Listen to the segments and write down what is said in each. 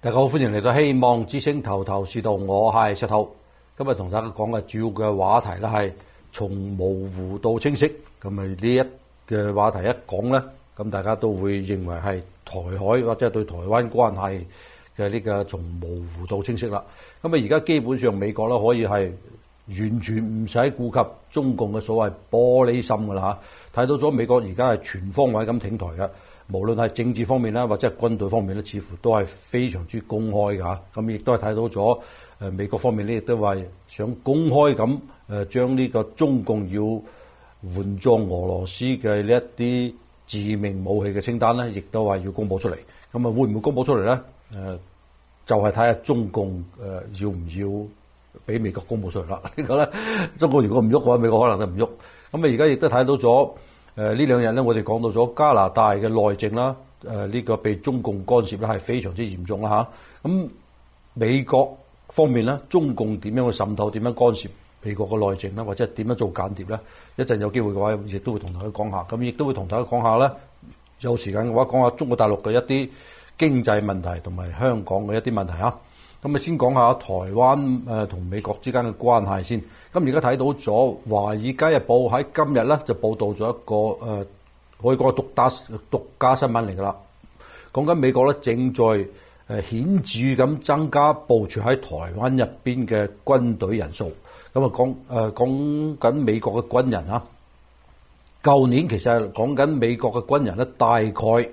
大家好，歡迎嚟到希望之星頭頭是道，我係石頭。今日同大家講嘅主要嘅話題咧係從模糊到清晰，咁啊呢一嘅話題一講咧，咁大家都會認為係台海或者係對台灣關係嘅呢個從模糊到清晰啦。咁啊而家基本上美國咧可以係完全唔使顧及中共嘅所謂玻璃心噶啦吓，睇到咗美國而家係全方位咁挺台㗎。無論係政治方面啦，或者係軍隊方面咧，似乎都係非常之公開㗎吓。咁亦都係睇到咗，美國方面咧，亦都話想公開咁將呢個中共要援助俄羅斯嘅一啲致命武器嘅清單咧，亦都話要公佈出嚟。咁啊，會唔會公佈出嚟咧？就係睇下中共要唔要俾美國公佈出嚟啦。呢個咧，中國如果唔喐嘅話，美國可能都唔喐。咁啊，而家亦都睇到咗。誒、呃、呢兩日咧，我哋講到咗加拿大嘅內政啦，呢、呃這個被中共干涉咧係非常之嚴重啦咁、啊嗯、美國方面咧，中共點樣去滲透、點樣干涉美國嘅內政咧，或者係點樣做間諜咧？一陣有機會嘅話會講下，亦都會同大家講下。咁亦都會同大家講下咧，有時間嘅話，講下中國大陸嘅一啲經濟問題同埋香港嘅一啲問題、啊咁啊，先講下台灣誒同美國之間嘅關係先。咁而家睇到咗《華爾街日報》喺今日咧就報道咗一個誒外國獨打獨家新聞嚟㗎啦。講緊美國咧正在誒顯著咁增加部署喺台灣入邊嘅軍隊人數。咁啊講誒講緊美國嘅軍人啊？舊年其實講緊美國嘅軍人咧，大概。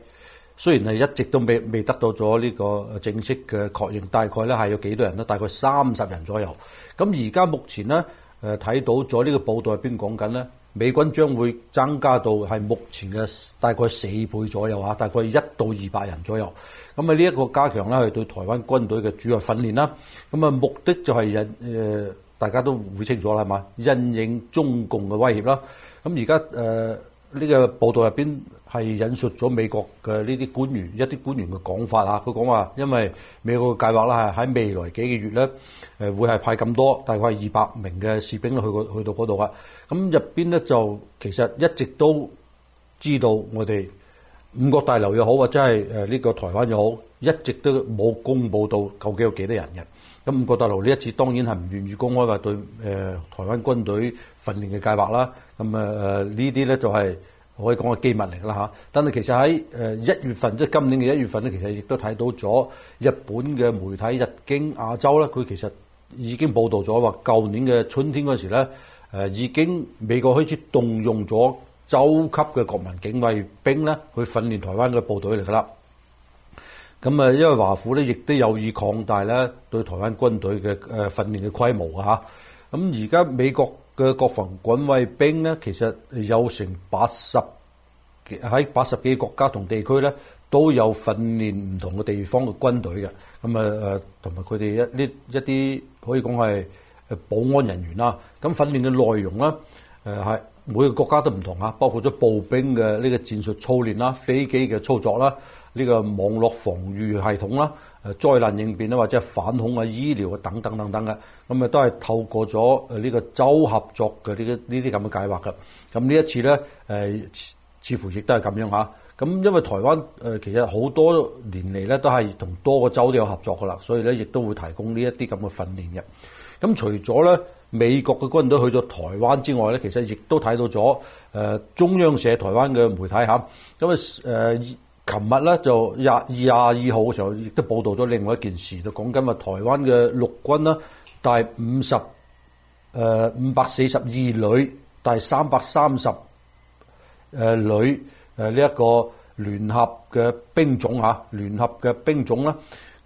雖然係一直都未未得到咗呢個正式嘅確認，大概咧係有幾多人呢？大概三十人左右。咁而家目前呢，睇、呃、到咗呢個報道入邊講緊呢，美軍將會增加到係目前嘅大概四倍左右啊，大概一到二百人左右。咁啊，呢一個加強呢，係對台灣軍隊嘅主要訓練啦。咁啊，目的就係、是呃、大家都會清楚啦，係嘛？因應中共嘅威脅啦。咁而家呢個報道入邊。係引述咗美國嘅呢啲官員、一啲官員嘅講法嚇，佢講話因為美國嘅計劃啦，係喺未來幾個月咧，誒會係派咁多大概二百名嘅士兵去去到嗰度嘅。咁入邊咧就其實一直都知道我哋五角大樓又好，或者係誒呢個台灣又好，一直都冇公佈到究竟有幾多人嘅。咁五角大樓呢一次當然係唔願意公開話對誒台灣軍隊訓練嘅計劃啦。咁啊誒呢啲咧就係、是。我可以講係機密嚟㗎啦嚇，但係其實喺誒一月份，即係今年嘅一月份咧，其實亦都睇到咗日本嘅媒體《日經亞洲》咧，佢其實已經報導咗話，舊年嘅春天嗰時咧，誒已經美國開始動用咗州級嘅國民警衛兵咧去訓練台灣嘅部隊嚟㗎啦。咁啊，因為華府咧亦都有意擴大咧對台灣軍隊嘅誒訓練嘅規模啊嚇。咁而家美國嘅國防軍衛兵咧，其實有成八十喺八十幾個國家同地區咧，都有訓練唔同嘅地方嘅軍隊嘅。咁啊誒，同埋佢哋一啲一啲可以講係誒保安人員啦。咁訓練嘅內容啦，誒係每個國家都唔同啊，包括咗步兵嘅呢個戰術操練啦、飛機嘅操作啦。呢個網絡防禦系統啦，誒災難應變啦，或者反恐啊、醫療啊，等等等等嘅，咁啊都係透過咗誒呢個州合作嘅呢啲呢啲咁嘅計劃㗎。咁呢一次咧，誒、呃、似乎亦都係咁樣嚇。咁、啊、因為台灣誒、呃、其實好多年嚟咧都係同多個州都有合作㗎啦，所以咧亦都會提供這些這樣的訓練的、啊、呢一啲咁嘅訓練嘅。咁除咗咧美國嘅軍隊去咗台灣之外咧，其實亦都睇到咗誒、呃、中央社台灣嘅媒體嚇、啊，因為誒。呃琴日咧就廿廿二號嘅時候，亦都報道咗另外一件事，就講緊話台灣嘅陸軍啦，第五十誒五百四十二旅、第三百三十誒旅誒呢一個聯合嘅兵種嚇、啊，聯合嘅兵種啦，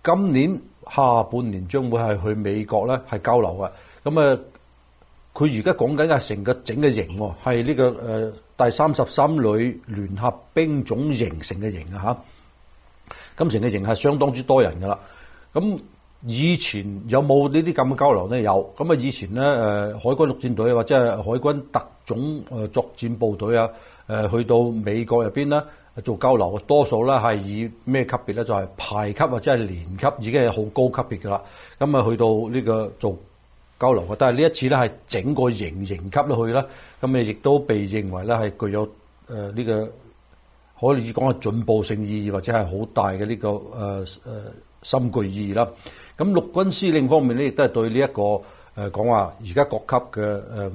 今年下半年將會係去美國咧係交流嘅。咁誒，佢而家講緊嘅成個整個營喎，係呢個誒。第三十三旅聯合兵種形成嘅營啊，嚇！咁成嘅營係相當之多人噶啦。咁以前有冇呢啲咁嘅交流呢？有。咁啊，以前呢，誒海軍陸戰隊或者係海軍特種作戰部隊啊，誒去到美國入邊呢做交流，多數呢係以咩級別呢？就係、是、排級或者係連級，已經係好高級別噶啦。咁啊，去到呢個做交流嘅，但係呢一次咧，係整個營營級落去啦，咁咪亦都被認為咧係具有誒呢、呃這個可以講係進步性意義，或者係好大嘅呢、這個誒誒、呃、深具意義啦。咁陸軍司令方面咧、這個，亦都係對呢一個誒講話，而家各級嘅誒、呃、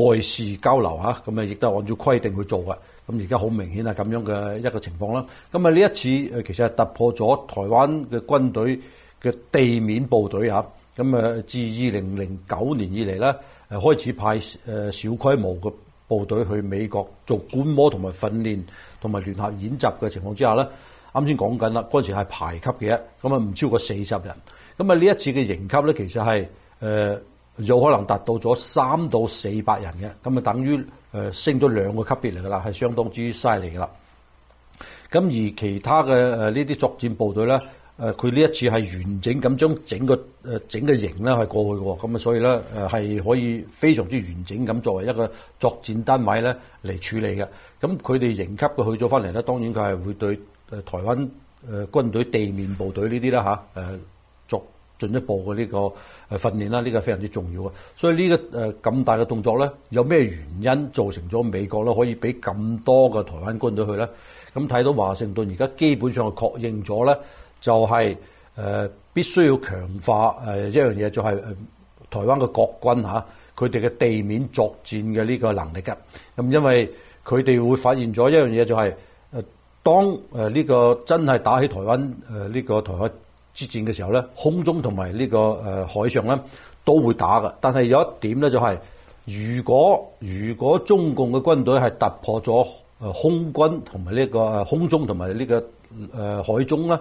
外外事交流吓。咁咪亦都係按照規定去做嘅。咁而家好明顯係，咁樣嘅一個情況啦。咁啊，呢一次誒其實係突破咗台灣嘅軍隊嘅地面部隊嚇。啊咁啊，自二零零九年以嚟咧，誒開始派誒小規模嘅部隊去美國做觀摩同埋訓練，同埋聯合演習嘅情況之下咧，啱先講緊啦，嗰時係排級嘅，咁啊唔超過四十人。咁啊呢一次嘅營級咧，其實係誒有可能達到咗三到四百人嘅，咁啊等於誒升咗兩個級別嚟噶啦，係相當之犀利噶啦。咁而其他嘅誒呢啲作戰部隊咧。誒佢呢一次係完整咁將整個誒整個營咧係過去喎、哦，咁啊所以咧誒係可以非常之完整咁作為一個作戰單位咧嚟處理嘅。咁佢哋營級佢去咗翻嚟咧，當然佢係會對台灣軍隊地面部隊呢啲啦吓作進一步嘅呢個訓練啦，呢個係非常之重要嘅。所以呢個誒咁大嘅動作咧，有咩原因造成咗美國咧可以俾咁多嘅台灣軍隊去咧？咁睇到華盛頓而家基本上係確認咗咧。就係誒必須要強化誒一樣嘢，就係台灣嘅國軍嚇，佢哋嘅地面作戰嘅呢個能力嘅。咁因為佢哋會發現咗一樣嘢，就係誒當誒呢個真係打起台灣誒呢個台海之戰嘅時候咧，空中同埋呢個誒海上咧都會打嘅。但係有一點咧，就係如果如果中共嘅軍隊係突破咗誒空軍同埋呢個空中同埋呢個誒海中咧。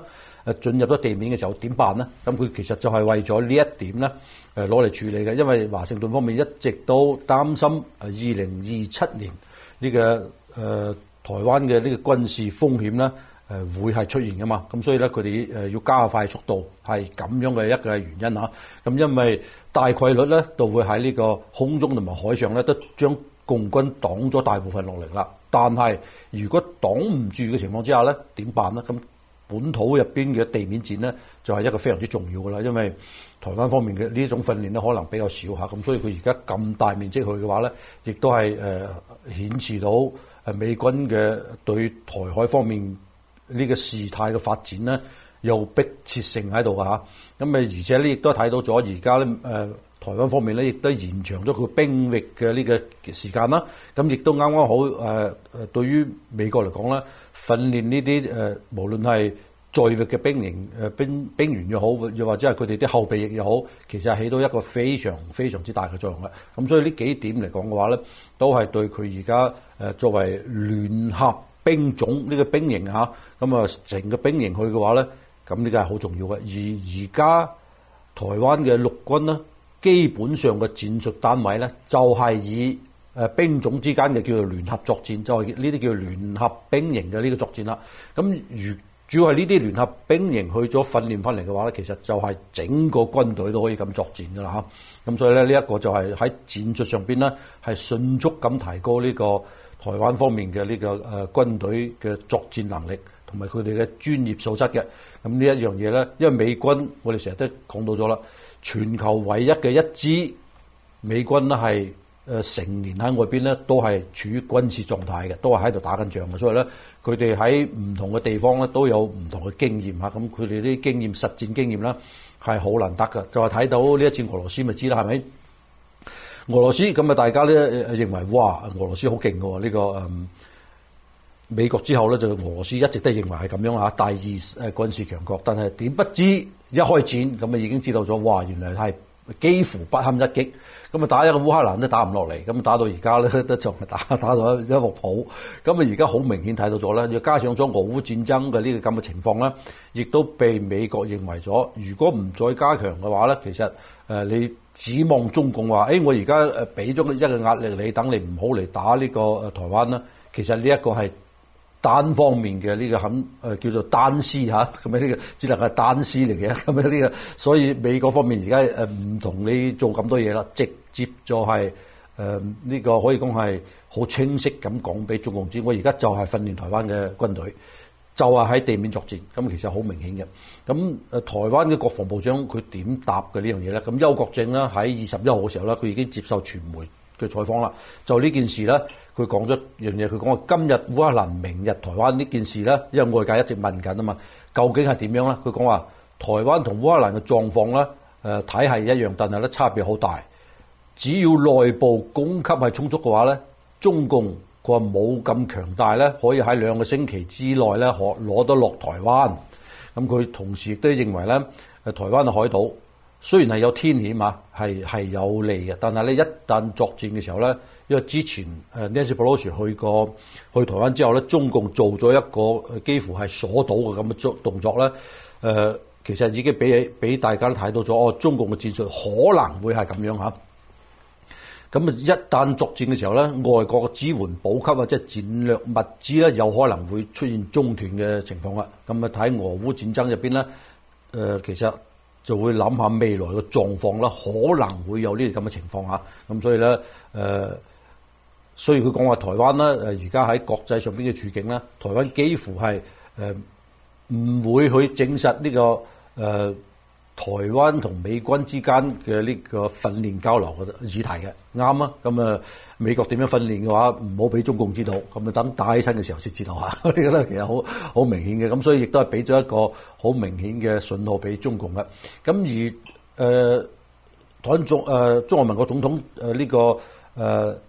進入咗地面嘅時候點辦呢？咁佢其實就係為咗呢一點咧，誒攞嚟處理嘅。因為華盛頓方面一直都擔心，誒二零二七年呢個誒、呃、台灣嘅呢個軍事風險咧，誒、呃、會係出現噶嘛。咁所以咧，佢哋誒要加快速度，係咁樣嘅一個原因嚇、啊。咁因為大概率咧，就會喺呢個空中同埋海上咧，都將共軍擋咗大部分落嚟啦。但係如果擋唔住嘅情況之下咧，點辦咧？咁本土入邊嘅地面戰呢，就係一個非常之重要嘅啦，因為台灣方面嘅呢種訓練呢，可能比較少嚇，咁所以佢而家咁大面積去嘅話呢，亦都係誒顯示到誒美軍嘅對台海方面呢個事態嘅發展呢，有迫切性喺度嚇。咁誒，而且呢，亦都睇到咗而家呢，誒，台灣方面呢，亦都延長咗佢兵役嘅呢個時間啦。咁亦都啱啱好誒誒，對於美國嚟講呢。訓練呢啲誒，無論係在役嘅兵營誒兵兵員又好，又或者係佢哋啲後備役又好，其實係起到一個非常非常之大嘅作用嘅。咁所以呢幾點嚟講嘅話咧，都係對佢而家誒作為聯合兵種呢，這個兵營嚇，咁啊成個兵營去嘅話咧，咁呢個係好重要嘅。而而家台灣嘅陸軍呢，基本上嘅戰術單位咧，就係以誒、呃，兵種之間嘅叫做聯合作戰，就係呢啲叫做聯合兵營嘅呢個作戰啦。咁如主要係呢啲聯合兵營去咗訓練翻嚟嘅話咧，其實就係整個軍隊都可以咁作戰噶啦吓。咁所以咧，呢一個就係喺戰術上邊咧，係迅速咁提高呢個台灣方面嘅呢個誒軍隊嘅作戰能力，同埋佢哋嘅專業素質嘅。咁呢一樣嘢咧，因為美軍我哋成日都講到咗啦，全球唯一嘅一支美軍咧係。是誒成年喺外邊咧，都係處於軍事狀態嘅，都係喺度打緊仗嘅，所以咧，佢哋喺唔同嘅地方咧，都有唔同嘅經驗嚇，咁佢哋啲經驗、實戰經驗啦，係好難得㗎。就係、是、睇到呢一戰俄羅斯咪知啦，係咪？俄羅斯咁啊，大家咧認為哇，俄羅斯好勁嘅喎，呢、這個嗯，美國之後咧就俄羅斯一直都認為係咁樣嚇，第二誒軍事強國，但係點不知一開展咁啊已經知道咗，哇！原來係。幾乎不堪一擊，咁啊打一個烏克蘭都打唔落嚟，咁啊打到而家咧都仲打打到一一個普，咁啊而家好明顯睇到咗咧，再加上咗俄烏戰爭嘅呢個咁嘅情況咧，亦都被美國認為咗，如果唔再加強嘅話咧，其實誒你指望中共話，誒、欸、我而家誒俾咗一個壓力你，等你唔好嚟打呢個誒台灣啦，其實呢一個係。單方面嘅呢、這個肯、呃、叫做單思嚇，咁樣呢個只能係單思嚟嘅，咁樣呢個，所以美國方面而家唔同你做咁多嘢啦，直接就係誒呢個可以講係好清晰咁講俾中共知，我而家就係訓練台灣嘅軍隊，就係、是、喺地面作戰，咁、嗯、其實好明顯嘅。咁、嗯呃、台灣嘅國防部長佢點答嘅呢樣嘢咧？咁、嗯、邱國正咧喺二十一號嘅時候咧，佢已經接受傳媒嘅採訪啦，就呢件事咧。佢講咗樣嘢，佢講話今日烏克蘭、明日台灣呢件事咧，因為外界一直問緊啊嘛，究竟係點樣咧？佢講話台灣同烏克蘭嘅狀況咧，誒睇係一樣，但係咧差別好大。只要內部供給係充足嘅話咧，中共佢話冇咁強大咧，可以喺兩個星期之內咧可攞得落台灣。咁佢同時亦都認為咧，誒台灣嘅海島，雖然係有天險啊，係係有利嘅，但係咧一旦作戰嘅時候咧，因為之前 Nancy Pelosi 去過去台灣之後咧，中共做咗一個幾乎係鎖島嘅咁嘅作動作咧、呃，其實已經俾俾大家都睇到咗，哦中共嘅戰術可能會係咁樣嚇。咁啊，一旦作戰嘅時候咧，外國嘅支援補給或者戰略物資咧，有可能會出現中斷嘅情況啦。咁啊，睇俄烏戰爭入邊咧，其實。就會諗下未來嘅狀況啦，可能會有呢啲咁嘅情況嚇、啊，咁所以咧，誒、呃，所以佢講話台灣咧，誒而家喺國際上邊嘅處境啦，台灣幾乎係誒唔會去證實呢、這個誒。呃台灣同美軍之間嘅呢個訓練交流嘅議題嘅，啱啊！咁啊，美國點樣訓練嘅話，唔好俾中共知道，咁啊等打起身嘅時候先知道下。呢個咧其實好好明顯嘅，咁所以亦都係俾咗一個好明顯嘅信號俾中共嘅。咁而誒，台、呃、中誒、呃、中華民國總統誒呢、呃這個誒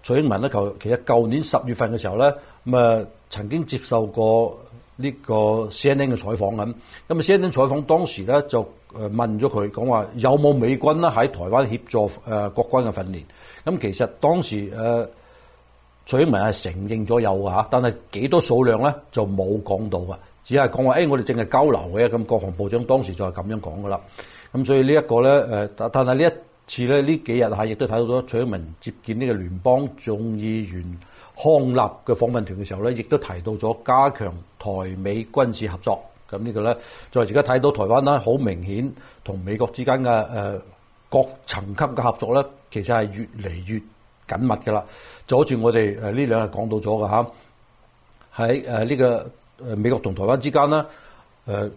蔡、呃、英文咧，求其實舊年十月份嘅時候咧，咁、呃、啊曾經接受過。呢個 CNN 嘅採訪咁，咁啊 CNN 採訪當時咧就誒問咗佢，講話有冇美軍咧喺台灣協助誒國軍嘅訓練？咁其實當時誒蔡、呃、英文係承認咗有㗎，但係幾多數量咧就冇講到嘅，只係講話誒我哋淨係交流嘅咁。國防部長當時就係咁樣講嘅啦。咁所以呢一個咧誒、呃，但係呢一次咧呢幾日啊，亦都睇到咗蔡英文接見呢個聯邦眾議員。康立嘅訪問團嘅時候咧，亦都提到咗加強台美軍事合作。咁呢個咧，再而家睇到台灣啦，好明顯同美國之間嘅誒、呃、各層級嘅合作咧，其實係越嚟越緊密嘅啦。阻住我哋誒呢兩日講到咗㗎吓，喺誒呢個、呃、美國同台灣之間呢。誒、呃。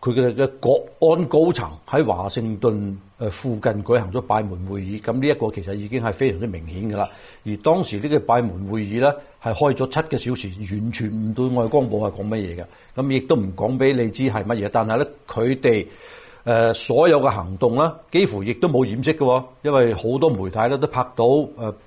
佢哋嘅國安高層喺華盛頓附近舉行咗閉門會議，咁呢一個其實已經係非常之明顯噶啦。而當時呢個閉門會議咧，係開咗七個小時，完全唔對外公佈係講乜嘢嘅，咁亦都唔講俾你知係乜嘢。但係咧，佢哋。誒所有嘅行動啦，幾乎亦都冇掩飾嘅，因為好多媒體咧都拍到，誒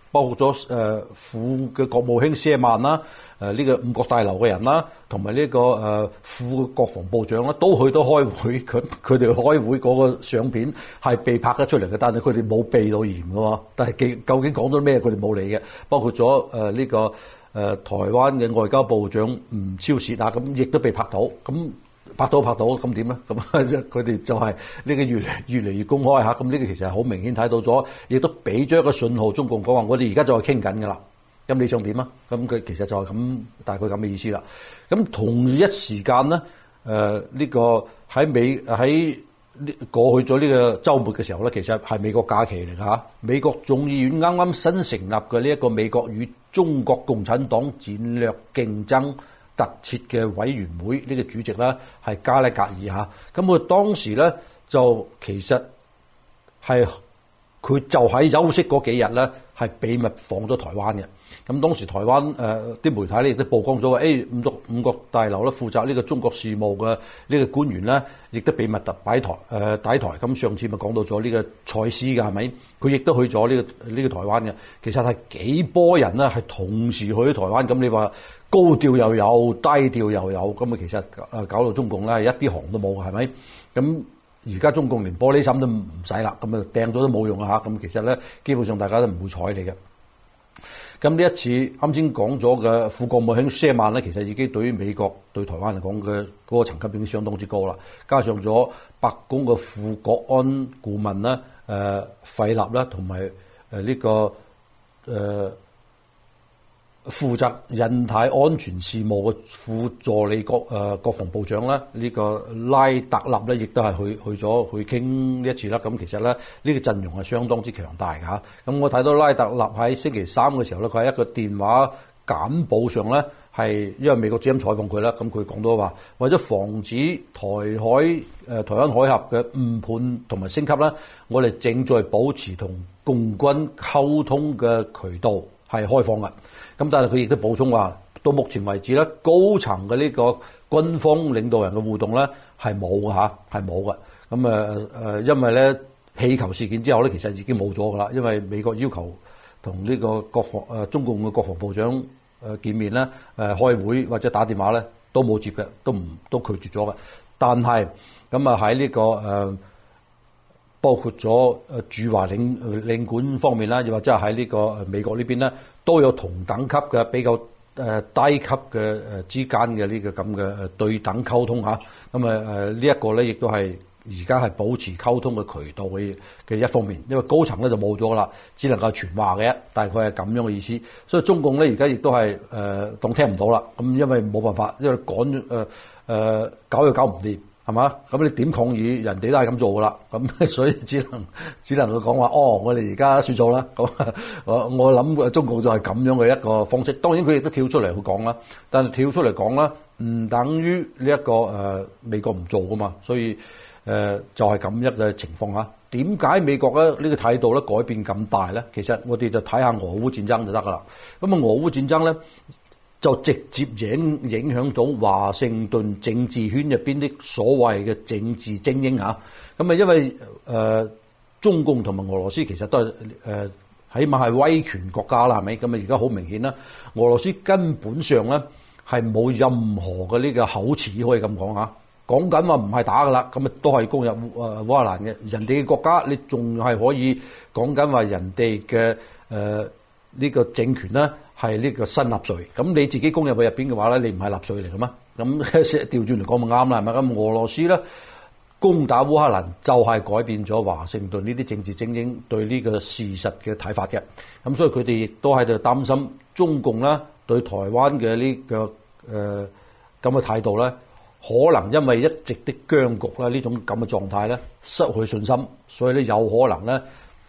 包括咗誒副嘅國務卿舍曼啦，誒呢個五角大樓嘅人啦，同埋呢個誒副嘅國防部長啦，都去到開會，佢佢哋開會嗰個相片係被拍得出嚟嘅，但係佢哋冇避到嫌嘅喎，但係幾究竟講咗咩佢哋冇理嘅，包括咗誒呢個誒台灣嘅外交部長吳釗燮啊，咁亦都被拍到咁。拍到拍到咁點咧？咁佢哋就係呢個越嚟越嚟越公開吓，咁呢個其實係好明顯睇到咗，亦都俾咗一個信號，中共講話我哋而家就係傾緊噶啦。咁你想點啊？咁佢其實就係咁，大概咁嘅意思啦。咁同一時間咧，誒、呃、呢、呢個喺美喺過去咗呢個週末嘅時候咧，其實係美國假期嚟嚇。美國眾議院啱啱新成立嘅呢一個美國與中國共產黨戰略競爭，特設嘅委員會呢個主席啦，係加拉格爾吓，咁佢當時咧就其實係佢就喺休息嗰幾日咧，係秘密訪咗台灣嘅。咁當時台灣誒啲媒體咧亦都曝光咗話，哎，五角五角大樓咧負責呢個中國事務嘅呢個官員咧，亦都俾密特擺台誒底台。咁，呃、上次咪講到咗呢個蔡斯㗎係咪？佢亦都去咗呢、這個呢、這個、台灣嘅。其實係幾波人咧係同時去咗台灣。咁你話高調又有，低調又有。咁啊其實搞到中共咧一啲行都冇係咪？咁而家中共連玻璃心都唔使啦。咁啊掟咗都冇用啊嚇。咁其實咧基本上大家都唔會睬你嘅。咁呢一次啱先講咗嘅副國務卿謝曼咧，其實已經對於美國對台灣嚟講嘅嗰個層級已經相當之高啦。加上咗白宮嘅副國安顧問啦，誒費立啦，同埋誒呢個誒。呃負責印太安全事務嘅副助理國誒國防部長咧，呢、這個拉特納咧，亦都係去去咗去傾呢一次啦。咁其實咧，呢個陣容係相當之強大㗎。咁我睇到拉特納喺星期三嘅時候咧，佢喺一個電話簡報上咧，係因為美國之音採訪佢啦，咁佢講到話，為咗防止台海誒台灣海峽嘅誤判同埋升級呢，我哋正在保持同共軍溝通嘅渠道。係開放嘅，咁但係佢亦都補充話，到目前為止咧，高層嘅呢個軍方領導人嘅互動咧係冇㗎吓，係冇㗎。咁誒誒，因為咧氣球事件之後咧，其實已經冇咗㗎啦，因為美國要求同呢個國防誒、啊、中共嘅國防部長誒見面啦，誒、啊、開會或者打電話咧都冇接嘅，都唔都，都拒絕咗嘅。但係咁、嗯呢個、啊喺呢個誒。包括咗誒駐華領領館方面啦，又或者係喺呢個美國呢邊咧，都有同等級嘅比較誒低級嘅誒之間嘅呢個咁嘅對等溝通嚇。咁誒誒呢一個咧，亦都係而家係保持溝通嘅渠道嘅嘅一方面，因為高層咧就冇咗啦，只能夠傳話嘅，大概係咁樣嘅意思。所以中共咧而家亦都係誒當聽唔到啦。咁、嗯、因為冇辦法，因為趕誒誒、呃呃、搞又搞唔掂。係嘛？咁你點抗議？人哋都係咁做噶啦。咁所以只能只能佢講話，哦，我哋而家算數啦。咁我我諗中國就係咁樣嘅一個方式。當然佢亦都跳出嚟去講啦。但係跳出嚟講啦，唔等於呢一個誒、呃、美國唔做噶嘛。所以誒、呃、就係、是、咁一嘅情況嚇。點解美國咧呢個態度咧改變咁大咧？其實我哋就睇下俄烏戰爭就得噶啦。咁啊俄烏戰爭咧。就直接影影響到華盛頓政治圈入邊啲所謂嘅政治精英嚇，咁啊因為誒、呃、中共同埋俄羅斯其實都係誒、呃、起碼係威權國家啦，係咪？咁啊而家好明顯啦，俄羅斯根本上咧係冇任何嘅呢個口齒可以咁講嚇，講緊話唔係打㗎啦，咁啊都係攻入誒烏克蘭嘅人哋嘅國家，你仲係可以講緊話人哋嘅誒呢個政權啦。係呢個新納稅，咁你自己攻入去入邊嘅話咧，你唔係納稅嚟嘅咩？咁調轉嚟講，咪啱啦，係咪咁？俄羅斯咧攻打烏克蘭，就係改變咗華盛頓呢啲政治精英對呢個事實嘅睇法嘅。咁所以佢哋亦都喺度擔心中共啦對台灣嘅呢、這個誒咁嘅態度咧，可能因為一直的僵局啦，呢種咁嘅狀態咧，失去信心，所以咧有可能咧。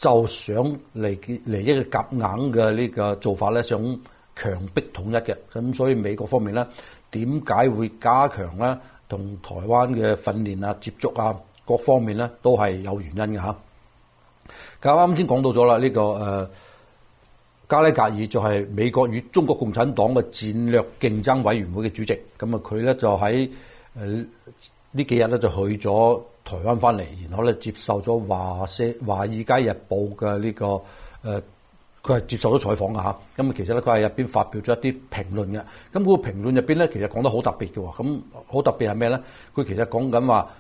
就想嚟一益夾硬嘅呢個做法咧，想強迫統一嘅。咁所以美國方面咧，點解會加強咧同台灣嘅訓練啊、接觸啊各方面咧，都係有原因嘅嚇、啊。咁啱先講到咗啦、呢個，呢個誒加拉格爾就係美國與中國共產黨嘅戰略競爭委員會嘅主席。咁啊，佢咧就喺呢、呃、幾日咧就去咗。台灣翻嚟，然後咧接受咗華社華爾街日報嘅呢、這個佢係、呃、接受咗採訪㗎。咁其實咧，佢係入邊發表咗一啲評論嘅。咁佢個評論入邊咧，其實講、嗯、得好特別嘅喎。咁、嗯、好特別係咩咧？佢其實講緊話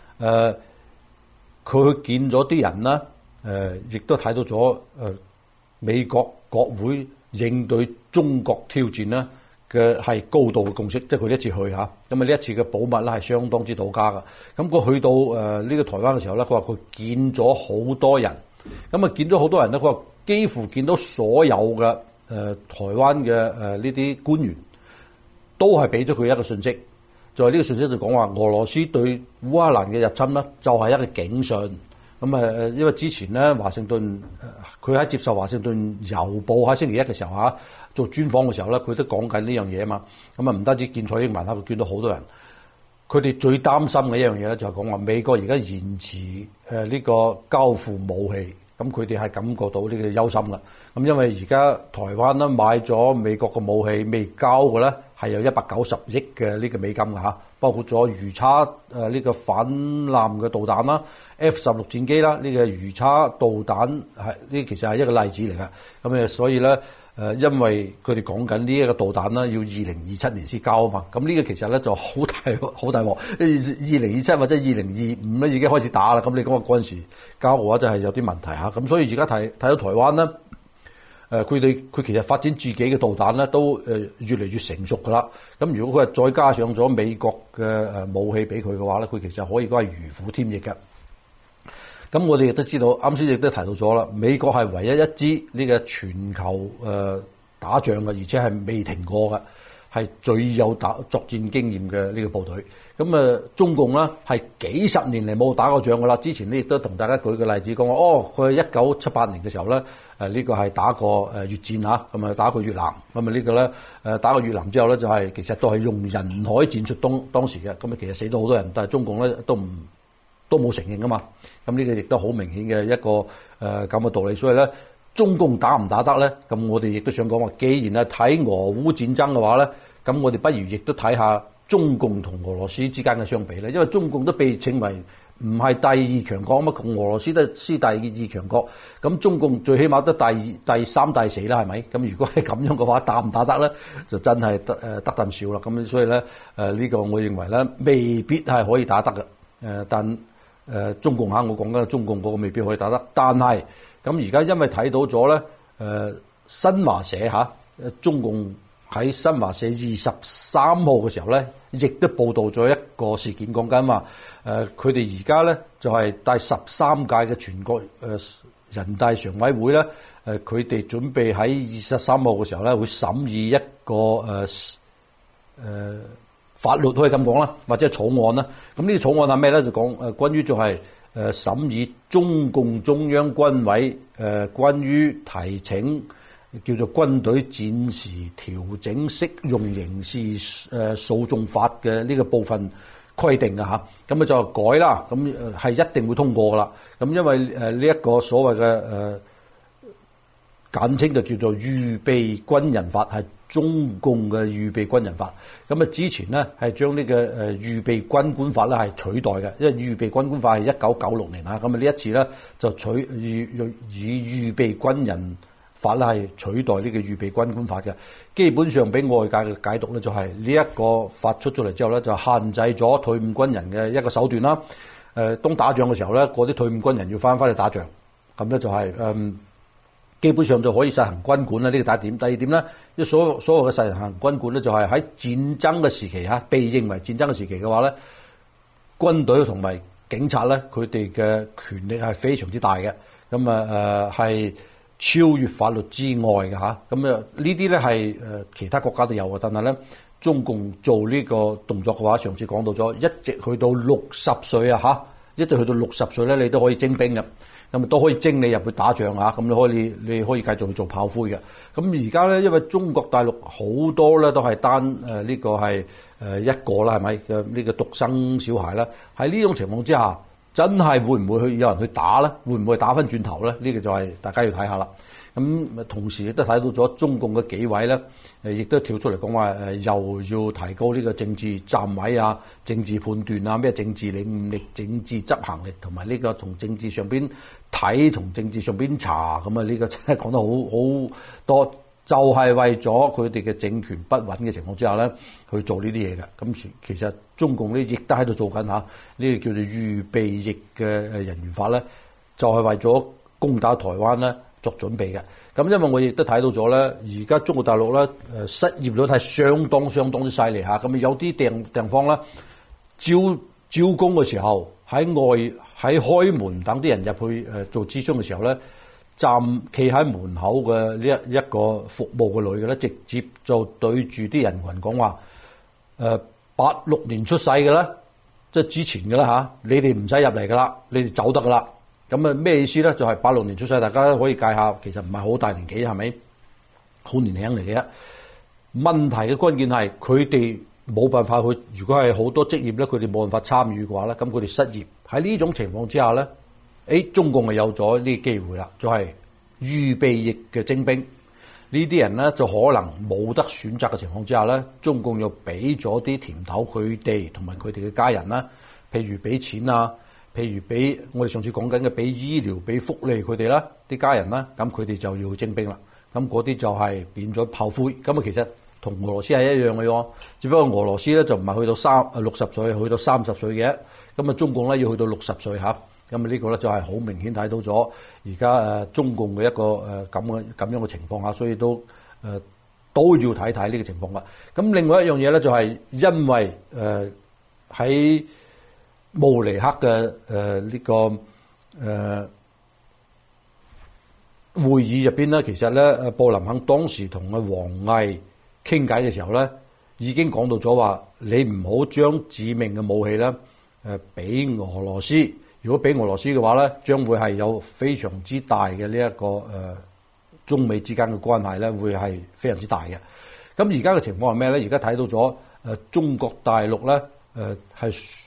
佢見咗啲人啦，亦、呃、都睇到咗、呃、美國國會應對中國挑戰啦。嘅係高度嘅共識，即係佢呢一次去嚇，咁啊呢一次嘅保密啦係相當之到家嘅。咁佢去到誒呢、呃這個台灣嘅時候咧，佢話佢見咗好多人，咁啊見咗好多人咧，佢話幾乎見到所有嘅誒、呃、台灣嘅誒呢啲官員，都係俾咗佢一個訊息，就在、是、呢個訊息就講話俄羅斯對烏克蘭嘅入侵咧，就係一個警訊。咁誒，因為之前咧，華盛頓佢喺接受華盛頓郵報喺星期一嘅時候嚇，做專訪嘅時候咧，佢都講緊呢樣嘢啊嘛。咁啊，唔單止見蔡英文嚇，佢見到好多人，佢哋最擔心嘅一樣嘢咧，就係講話美國而家延遲誒呢個交付武器，咁佢哋係感覺到呢個憂心噶。咁因為而家台灣咧買咗美國嘅武器未交嘅咧，係有一百九十億嘅呢個美金嘅包括咗魚叉誒呢個反艦嘅導彈啦，F 十六戰機啦，呢個魚叉導彈係呢，其實係一個例子嚟㗎。咁誒，所以咧誒，因為佢哋講緊呢一個導彈啦，要二零二七年先交啊嘛。咁呢個其實咧就好大好大鑊。二零二七或者二零二五咧已經開始打啦。咁你講話嗰陣時交嘅話，真係有啲問題吓。咁所以而家睇睇到台灣咧。誒佢哋佢其實發展自己嘅導彈咧，都誒越嚟越成熟噶啦。咁如果佢係再加上咗美國嘅誒武器俾佢嘅話咧，佢其實可以講係如虎添翼嘅。咁我哋亦都知道，啱先亦都提到咗啦，美國係唯一一支呢個全球誒打仗嘅，而且係未停過嘅，係最有打作戰經驗嘅呢個部隊。咁中共咧係幾十年嚟冇打過仗㗎啦，之前咧亦都同大家舉個例子講，哦佢一九七八年嘅時候咧，呢個係打過越戰吓、啊，咁啊打過越南，咁啊呢個咧打過越南之後咧，就係、是、其實都係用人海戰術當時嘅，咁啊其實死咗好多人，但中共咧都唔都冇承認㗎嘛，咁呢個亦都好明顯嘅一個誒咁嘅道理，所以咧中共打唔打得咧，咁我哋亦都想講話，既然係睇俄烏戰爭嘅話咧，咁我哋不如亦都睇下。中共同俄羅斯之間嘅相比咧，因為中共都被稱為唔係第二強國啊嘛，同俄羅斯都係第二二強國。咁中共最起碼都第二、第三、第四啦，係咪？咁如果係咁樣嘅話，打唔打得咧？就真係得誒得啖笑啦。咁所以咧，誒、呃、呢、呢個我認為咧，未必係可以打得嘅。誒、呃、但誒、呃、中共嚇，我講緊中共嗰個未必可以打得。但係咁而家因為睇到咗咧，誒、呃、新華社嚇中共。喺新華社二十三號嘅時候咧，亦都報道咗一個事件，講緊話，誒佢哋而家咧就係第十三屆嘅全國誒人大常委會咧，誒佢哋準備喺二十三號嘅時候咧會審議一個誒誒、呃、法律都可以咁講啦，或者草案啦。咁呢啲草案係咩咧？就講誒關於就係誒審議中共中央軍委誒關於提請。叫做軍隊戰時調整適用刑事誒訴訟法嘅呢個部分規定啊嚇，咁啊就改啦，咁係一定會通過㗎喇。咁因為誒呢一個所謂嘅誒簡稱就叫做預備軍人法，係中共嘅預備軍人法。咁啊之前呢係將呢個誒預備軍官法咧係取代嘅，因為預備軍官法係一九九六年啊，咁啊呢一次咧就取預以，以預備軍人。法咧係取代呢個預備軍管法嘅，基本上俾外界嘅解讀咧就係呢一個法出咗嚟之後咧就限制咗退伍軍人嘅一個手段啦。誒當打仗嘅時候咧，嗰啲退伍軍人要翻返去打仗，咁咧就係、是、誒、嗯、基本上就可以實行軍管啦。呢、這個第一點，第二點咧，啲所所謂嘅實行軍管咧就係喺戰爭嘅時期嚇、啊，被認為戰爭嘅時期嘅話咧，軍隊同埋警察咧佢哋嘅權力係非常之大嘅。咁啊誒係。呃超越法律之外嘅吓，咁啊呢啲咧係誒其他國家都有嘅，但係咧中共做呢個動作嘅話，上次講到咗，一直去到六十歲啊吓，一直去到六十歲咧，你都可以徵兵嘅，咁啊都可以徵你入去打仗啊，咁你可以你可以繼續去做炮灰嘅。咁而家咧，因為中國大陸好多咧都係單誒呢個係誒一個啦，係咪嘅呢個獨生小孩啦？喺呢種情況之下。真係會唔會去有人去打咧？會唔會打返轉頭咧？呢個就係大家要睇下啦。咁同時亦都睇到咗中共嘅紀委咧，亦都跳出嚟講話又要提高呢個政治站位啊、政治判斷啊、咩政治領悟力、政治執行力，同埋呢個從政治上邊睇、從政治上邊查咁啊！呢個真係講得好好多，就係為咗佢哋嘅政權不穩嘅情況之下咧去做呢啲嘢嘅。咁其實。中共呢亦都喺度做緊下呢個叫做預備役嘅人員法咧，就係為咗攻打台灣咧作準備嘅。咁因為我亦都睇到咗咧，而家中國大陸咧失業率係相當相當之犀利下，咁有啲地方咧招招工嘅時候，喺外喺開門等啲人入去做諮詢嘅時候咧，站企喺門口嘅呢一個服務嘅女嘅咧，直接就對住啲人群講話誒。八六年出世嘅啦，即係之前嘅啦吓，你哋唔使入嚟噶啦，你哋走得噶啦。咁啊咩意思咧？就係八六年出世，大家可以計下，其實唔係好大年紀，係咪？好年輕嚟嘅。問題嘅關鍵係佢哋冇辦法去。如果係好多職業咧，佢哋冇辦法參與嘅話咧，咁佢哋失業。喺呢種情況之下咧，誒，中共係有咗呢個機會啦，就係預備役嘅徵兵。呢啲人咧就可能冇得選擇嘅情況之下咧，中共又俾咗啲甜頭佢哋同埋佢哋嘅家人啦，譬如俾錢啊，譬如俾我哋上次講緊嘅俾醫療、俾福利佢哋啦，啲家人啦，咁佢哋就要徵兵啦，咁嗰啲就係變咗炮灰，咁啊其實同俄羅斯係一樣嘅喎，只不過俄羅斯咧就唔係去到三啊六十歲去到三十歲嘅，咁啊中共咧要去到六十歲嚇。咁啊！呢個咧就係好明顯睇到咗，而家誒中共嘅一個誒咁嘅咁樣嘅情況下，所以都誒都要睇睇呢個情況啦。咁另外一樣嘢咧，就係因為誒喺慕尼黑嘅誒呢個誒會議入邊咧，其實咧，布林肯當時同阿王毅傾偈嘅時候咧，已經講到咗話：你唔好將致命嘅武器咧誒俾俄羅斯。如果俾俄羅斯嘅話咧，將會係有非常之大嘅呢一個誒、呃、中美之間嘅關係咧，會係非常之大嘅。咁而家嘅情況係咩咧？而家睇到咗誒、呃、中國大陸咧誒係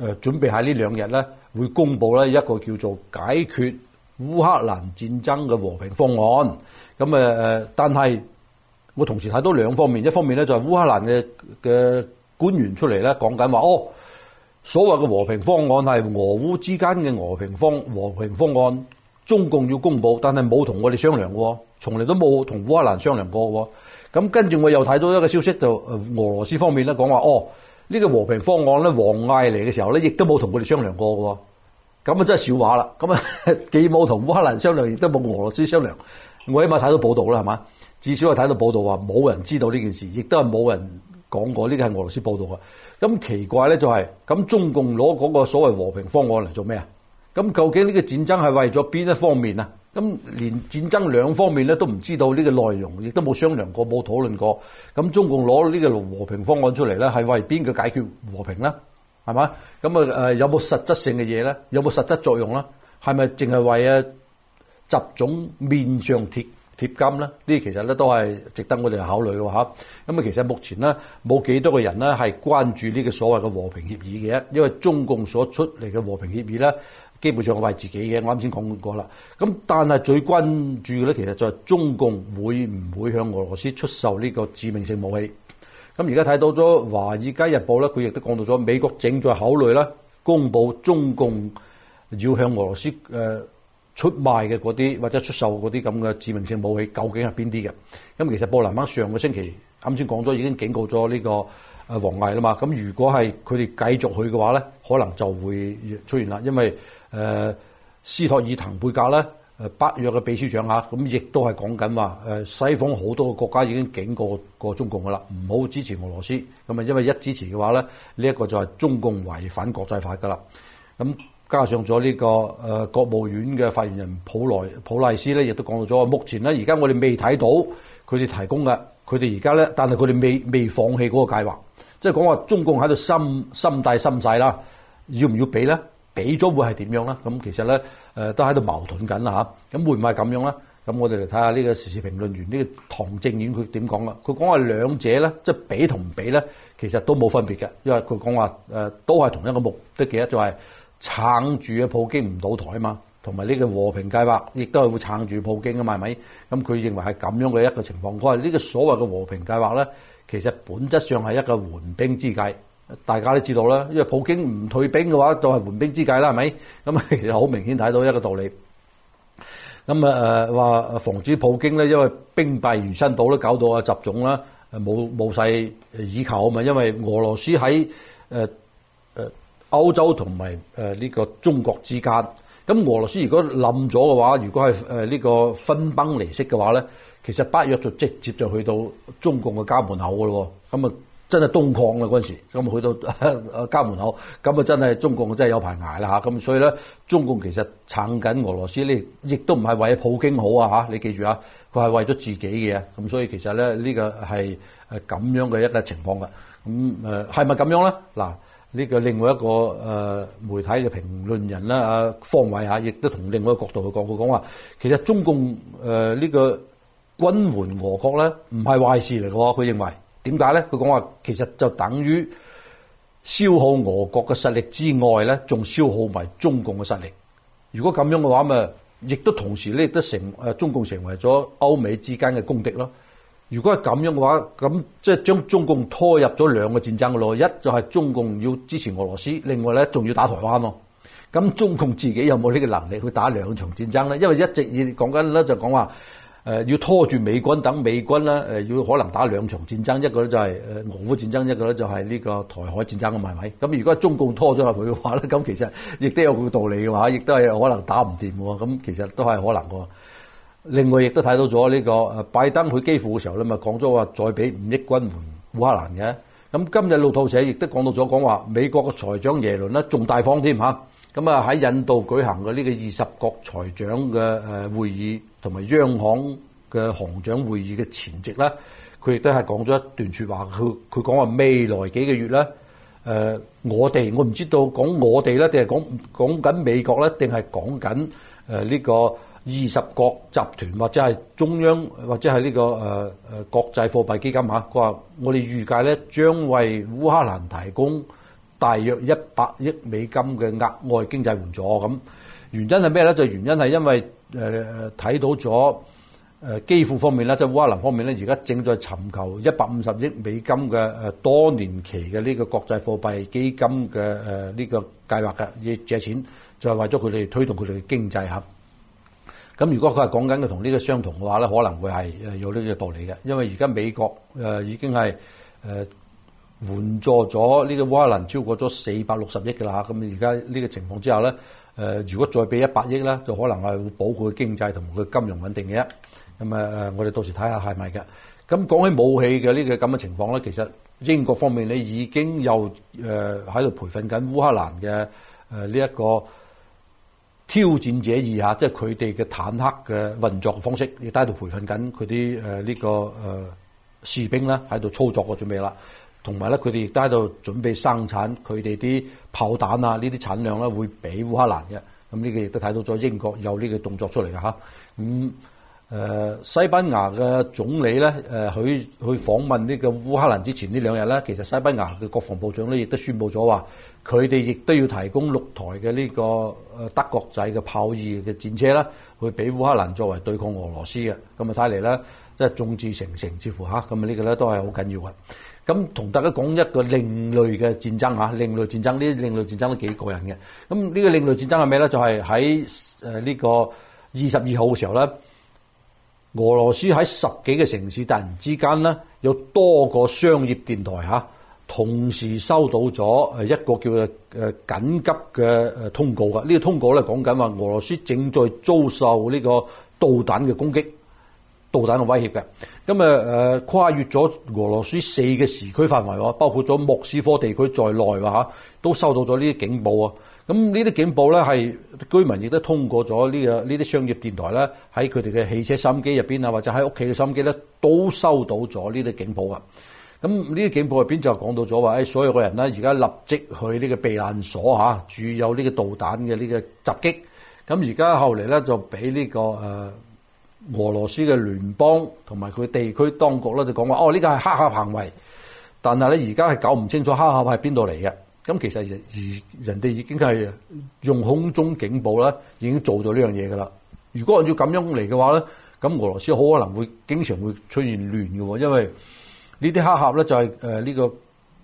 誒準備喺呢兩日咧會公布咧一個叫做解決烏克蘭戰爭嘅和平方案。咁誒誒，但係我同時睇到兩方面，一方面咧就係烏克蘭嘅嘅官員出嚟咧講緊話哦。所謂嘅和平方案係俄烏之間嘅和平方和平方案，中共要公布，但係冇同我哋商量嘅，從嚟都冇同烏克蘭商量過。咁跟住我又睇到一個消息，就俄羅斯方面咧講話，哦，呢個和平方案咧，王毅嚟嘅時候咧，亦都冇同佢哋商量過嘅。咁啊，真係笑話啦！咁啊，既冇同烏克蘭商量，亦都冇俄羅斯商量。我起碼睇到報道啦，係嘛？至少係睇到報道話冇人知道呢件事，亦都係冇人。講過呢個係俄羅斯報道嘅，咁奇怪咧就係、是，咁中共攞嗰個所謂和平方案嚟做咩啊？咁究竟呢個戰爭係為咗邊一方面啊？咁連戰爭兩方面咧都唔知道呢個內容，亦都冇商量過，冇討論過。咁中共攞呢個和平方案出嚟咧，係為邊個解決和平啦？係嘛？咁啊誒，有冇實質性嘅嘢咧？有冇實質作用咧？係咪淨係為啊習總面上貼？貼金咧，呢其實咧都係值得我哋考慮嘅嚇。咁啊，其實目前呢，冇幾多個人咧係關注呢個所謂嘅和平協議嘅，因為中共所出嚟嘅和平協議咧，基本上係為自己嘅。我啱先講過啦。咁但係最關注嘅咧，其實就係中共會唔會向俄羅斯出售呢個致命性武器？咁而家睇到咗《華爾街日報》咧，佢亦都講到咗美國正在考慮啦，公佈中共要向俄羅斯誒。出賣嘅嗰啲或者出售嗰啲咁嘅致命性武器，究竟係邊啲嘅？咁其實布林肯上個星期啱先講咗，已經警告咗呢個誒王毅啦嘛。咁如果係佢哋繼續去嘅話咧，可能就會出現啦。因為誒、呃、斯托爾滕貝格咧，誒北約嘅秘書長嚇、啊，咁亦都係講緊話誒西方好多個國家已經警告過中共噶啦，唔好支持俄羅斯。咁啊，因為一支持嘅話咧，呢、這、一個就係中共違反國際法噶啦。咁、嗯加上咗呢、這個誒、呃、國務院嘅發言人普萊普賴斯咧，亦都講到咗，目前咧而家我哋未睇到佢哋提供嘅，佢哋而家咧，但係佢哋未未放棄嗰個計劃，即係講話中共喺度心心大心細啦，要唔要俾咧？俾咗會係點樣咧？咁其實咧誒、呃、都喺度矛盾緊啦嚇，咁、啊、會唔會係咁樣咧？咁我哋嚟睇下呢個時事評論員呢、這個唐正遠佢點講啦？佢講話兩者咧，即係俾同唔俾咧，其實都冇分別嘅，因為佢講話誒都係同一個目的嘅，就係、是。撐住嘅普京唔倒台啊嘛，同埋呢個和平計劃亦都係會撐住普京啊嘛，係咪？咁佢認為係咁樣嘅一個情況。佢話呢個所謂嘅和平計劃咧，其實本質上係一個緩兵之計。大家都知道啦，因為普京唔退兵嘅話，就係緩兵之計啦，係咪？咁其實好明顯睇到一個道理。咁啊誒話防止普京咧，因為兵敗如山倒咧，搞到啊習總啦，冇冇勢以求啊嘛。因為俄羅斯喺誒。呃歐洲同埋誒呢個中國之間，咁俄羅斯如果冧咗嘅話，如果係誒呢個分崩離析嘅話咧，其實北約就直接就去到中共嘅家門口㗎咯喎，咁啊真係東擴啦嗰陣時，咁去到家門口，咁啊真係中共真係有排捱啦嚇，咁所以咧中共其實撐緊俄羅斯，呢亦都唔係為普京好啊嚇，你記住啊，佢係為咗自己嘅，咁所以其實咧呢個係誒咁樣嘅一個情況嘅，咁誒係咪咁樣咧？嗱。呢個另外一個誒媒體嘅評論人啦，阿方偉啊，亦都同另外一個角度去講，佢講話其實中共誒呢個軍援俄國咧，唔係壞事嚟嘅喎。佢認為點解咧？佢講話其實就等於消耗俄國嘅實力之外咧，仲消耗埋中共嘅實力。如果咁樣嘅話，咪亦都同時咧，亦都成誒中共成為咗歐美之間嘅攻敵咯。如果係咁樣嘅話，咁即係將中共拖入咗兩個戰爭嘅內，一就係中共要支持俄羅斯，另外咧仲要打台灣咯、哦。咁中共自己有冇呢個能力去打兩場戰爭咧？因為一直以講緊咧就講、是、話，誒、呃、要拖住美軍等美軍啦，誒、呃、要可能打兩場戰爭，一個咧就係、是呃、俄烏戰爭，一個咧就係呢個台海戰爭咁係咪？咁如果中共拖咗落去嘅話咧，咁其實亦都有佢道理嘅話，亦都係可能打唔掂嘅，咁其實都係可能嘅。另外，亦都睇到咗呢個拜登佢基輔嘅時候咧，咪講咗話再俾五億軍援烏克蘭嘅。咁今日路透社亦都講到咗，講話美國嘅財長耶倫咧仲大方添。吓。咁啊喺印度舉行嘅呢個二十國財長嘅誒會議，同埋央行嘅行長會議嘅前夕咧，佢亦都係講咗一段説話。佢，佢講話未來幾個月咧，誒，我哋我唔知道講我哋咧，定係講講緊美國咧，定係講緊誒呢個。二十國集團或者係中央或者係呢、這個誒誒、呃、國際貨幣基金嚇，佢、啊、話我哋預計咧，將為烏克蘭提供大約一百億美金嘅額外經濟援助咁。原因係咩咧？就原因係因為誒睇、呃、到咗誒、呃、基庫方面啦，即係烏克蘭方面咧，而家正在尋求一百五十億美金嘅誒、啊、多年期嘅呢個國際貨幣基金嘅呢、啊這個計劃嘅要借錢，就係為咗佢哋推動佢哋嘅經濟合、啊咁如果佢係講緊佢同呢個相同嘅話咧，可能會係有呢個道理嘅，因為而家美國、呃、已經係誒、呃、援助咗呢個烏克蘭超過咗四百六十億㗎啦，咁而家呢個情況之下咧、呃，如果再俾一百億咧，就可能係會保護佢經濟同佢金融穩定嘅。咁、嗯呃、我哋到時睇下係咪嘅。咁、嗯、講起武器嘅呢個咁嘅情況咧，其實英國方面咧已經又喺度培訓緊烏克蘭嘅呢一個，挑戰者二下，即係佢哋嘅坦克嘅運作方式，亦都喺度培訓緊佢啲誒呢個誒、呃、士兵啦，喺度操作嘅準備啦，同埋咧佢哋亦都喺度準備生產佢哋啲炮彈啊，呢啲產量咧會俾烏克蘭嘅，咁、嗯、呢、呢個亦都睇到咗英國有呢個動作出嚟嘅嚇，咁、嗯。誒西班牙嘅總理咧，誒佢去訪問呢個烏克蘭之前呢兩日咧，其實西班牙嘅國防部長咧亦都宣布咗話，佢哋亦都要提供六台嘅呢個德國製嘅豹二嘅戰車啦，去俾烏克蘭作為對抗俄羅斯嘅。咁啊睇嚟咧，即係眾志成城，似乎吓。咁啊呢個咧都係好緊要嘅。咁同大家講一個另類嘅戰爭嚇、啊，另類戰爭呢另類戰爭都幾過癮嘅。咁呢個另類戰爭係咩咧？就係喺誒呢個二十二號嘅時候咧。俄羅斯喺十幾個城市突然之間呢，有多個商業電台嚇，同時收到咗誒一個叫做誒緊急嘅誒通告嘅。呢個通告咧講緊話，俄羅斯正在遭受呢個導彈嘅攻擊，導彈嘅威脅嘅。咁誒誒跨越咗俄羅斯四個時區範圍，包括咗莫斯科地區在內話，都收到咗呢啲警報啊！咁呢啲警報咧係居民亦都通過咗呢個呢啲商業電台咧，喺佢哋嘅汽車收音機入邊啊，或者喺屋企嘅收音機咧，都收到咗呢啲警報啊！咁呢啲警報入邊就講到咗話，誒所有嘅人咧而家立即去呢個避難所下，住有呢個導彈嘅呢個襲擊。咁而家後嚟咧就俾呢、這個誒、呃、俄羅斯嘅聯邦同埋佢地區當局咧就講話，哦呢個係黑客行為，但係咧而家係搞唔清楚黑客係邊度嚟嘅。咁其實人人人哋已經係用空中警報啦，已經做咗呢樣嘢噶啦。如果按照咁樣嚟嘅話咧，咁俄羅斯好可能會經常會出現亂嘅喎，因為呢啲黑客咧就係誒呢個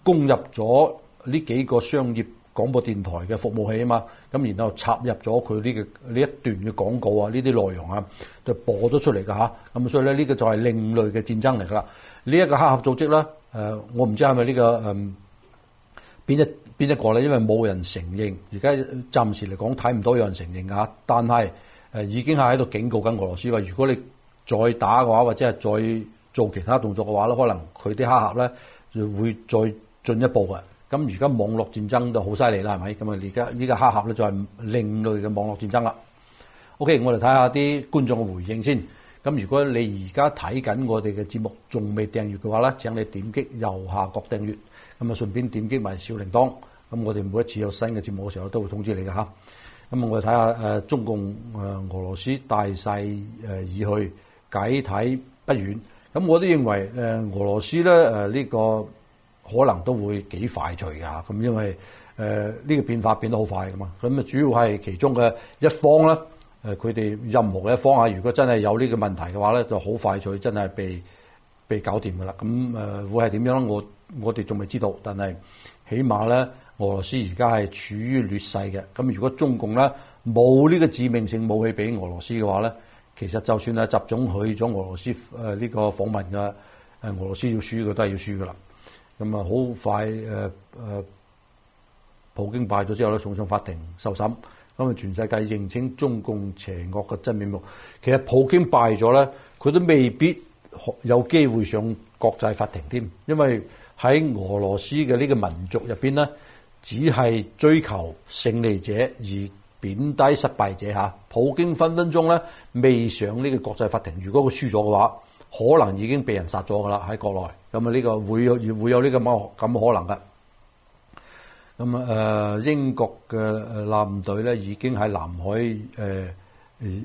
攻入咗呢幾個商業廣播電台嘅服務器啊嘛，咁然後插入咗佢呢呢一段嘅廣告啊，呢啲內容啊，就播咗出嚟㗎。咁所以咧呢個就係另類嘅戰爭嚟啦。呢一個黑客組織呢，誒我唔知係咪呢個誒變邊一個咧？因為冇人承認，而家暫時嚟講睇唔到有人承認啊。但係誒，已經係喺度警告緊俄羅斯話，如果你再打嘅話，或者係再做其他動作嘅話咧，可能佢啲黑客，咧就會再進一步嘅。咁而家網絡戰爭就好犀利啦，係咪？咁啊，而家依家黑客，咧就係另類嘅網絡戰爭啦。OK，我哋睇下啲觀眾嘅回應先。咁如果你而家睇緊我哋嘅節目仲未訂閱嘅話咧，請你點擊右下角訂閱，咁啊順便點擊埋小鈴鐺。咁我哋每一次有新嘅節目嘅時候都會通知你㗎吓。咁我哋睇下誒中共誒、呃、俄羅斯大勢誒已去解體不遠。咁我都認為誒、呃、俄羅斯咧誒呢、呃這個可能都會幾快脆㗎。咁因為誒呢、呃這個變化變得好快㗎嘛。咁啊主要係其中嘅一方咧，誒佢哋任何一方啊，如果真係有呢個問題嘅話咧，就好快脆真係被被搞掂㗎喇。咁誒、呃、會係點樣？我我哋仲未知道，但係起碼咧。俄羅斯而家係處於劣勢嘅，咁如果中共咧冇呢個致命性武器俾俄羅斯嘅話咧，其實就算係習總去咗俄羅斯誒呢個訪問嘅誒、呃，俄羅斯要輸嘅都係要輸嘅啦。咁啊，好快誒誒，普京敗咗之後咧，送上法庭受審，咁啊，全世界認清中共邪惡嘅真面目。其實普京敗咗咧，佢都未必有機會上國際法庭添，因為喺俄羅斯嘅呢個民族入邊咧，只係追求勝利者而貶低失敗者嚇，普京分分鐘咧未上呢個國際法庭。如果佢輸咗嘅話，可能已經在被人殺咗噶啦喺國內。咁啊，呢個會有會有呢個咁咁可能嘅。咁啊，英國嘅艦隊咧已經喺南海誒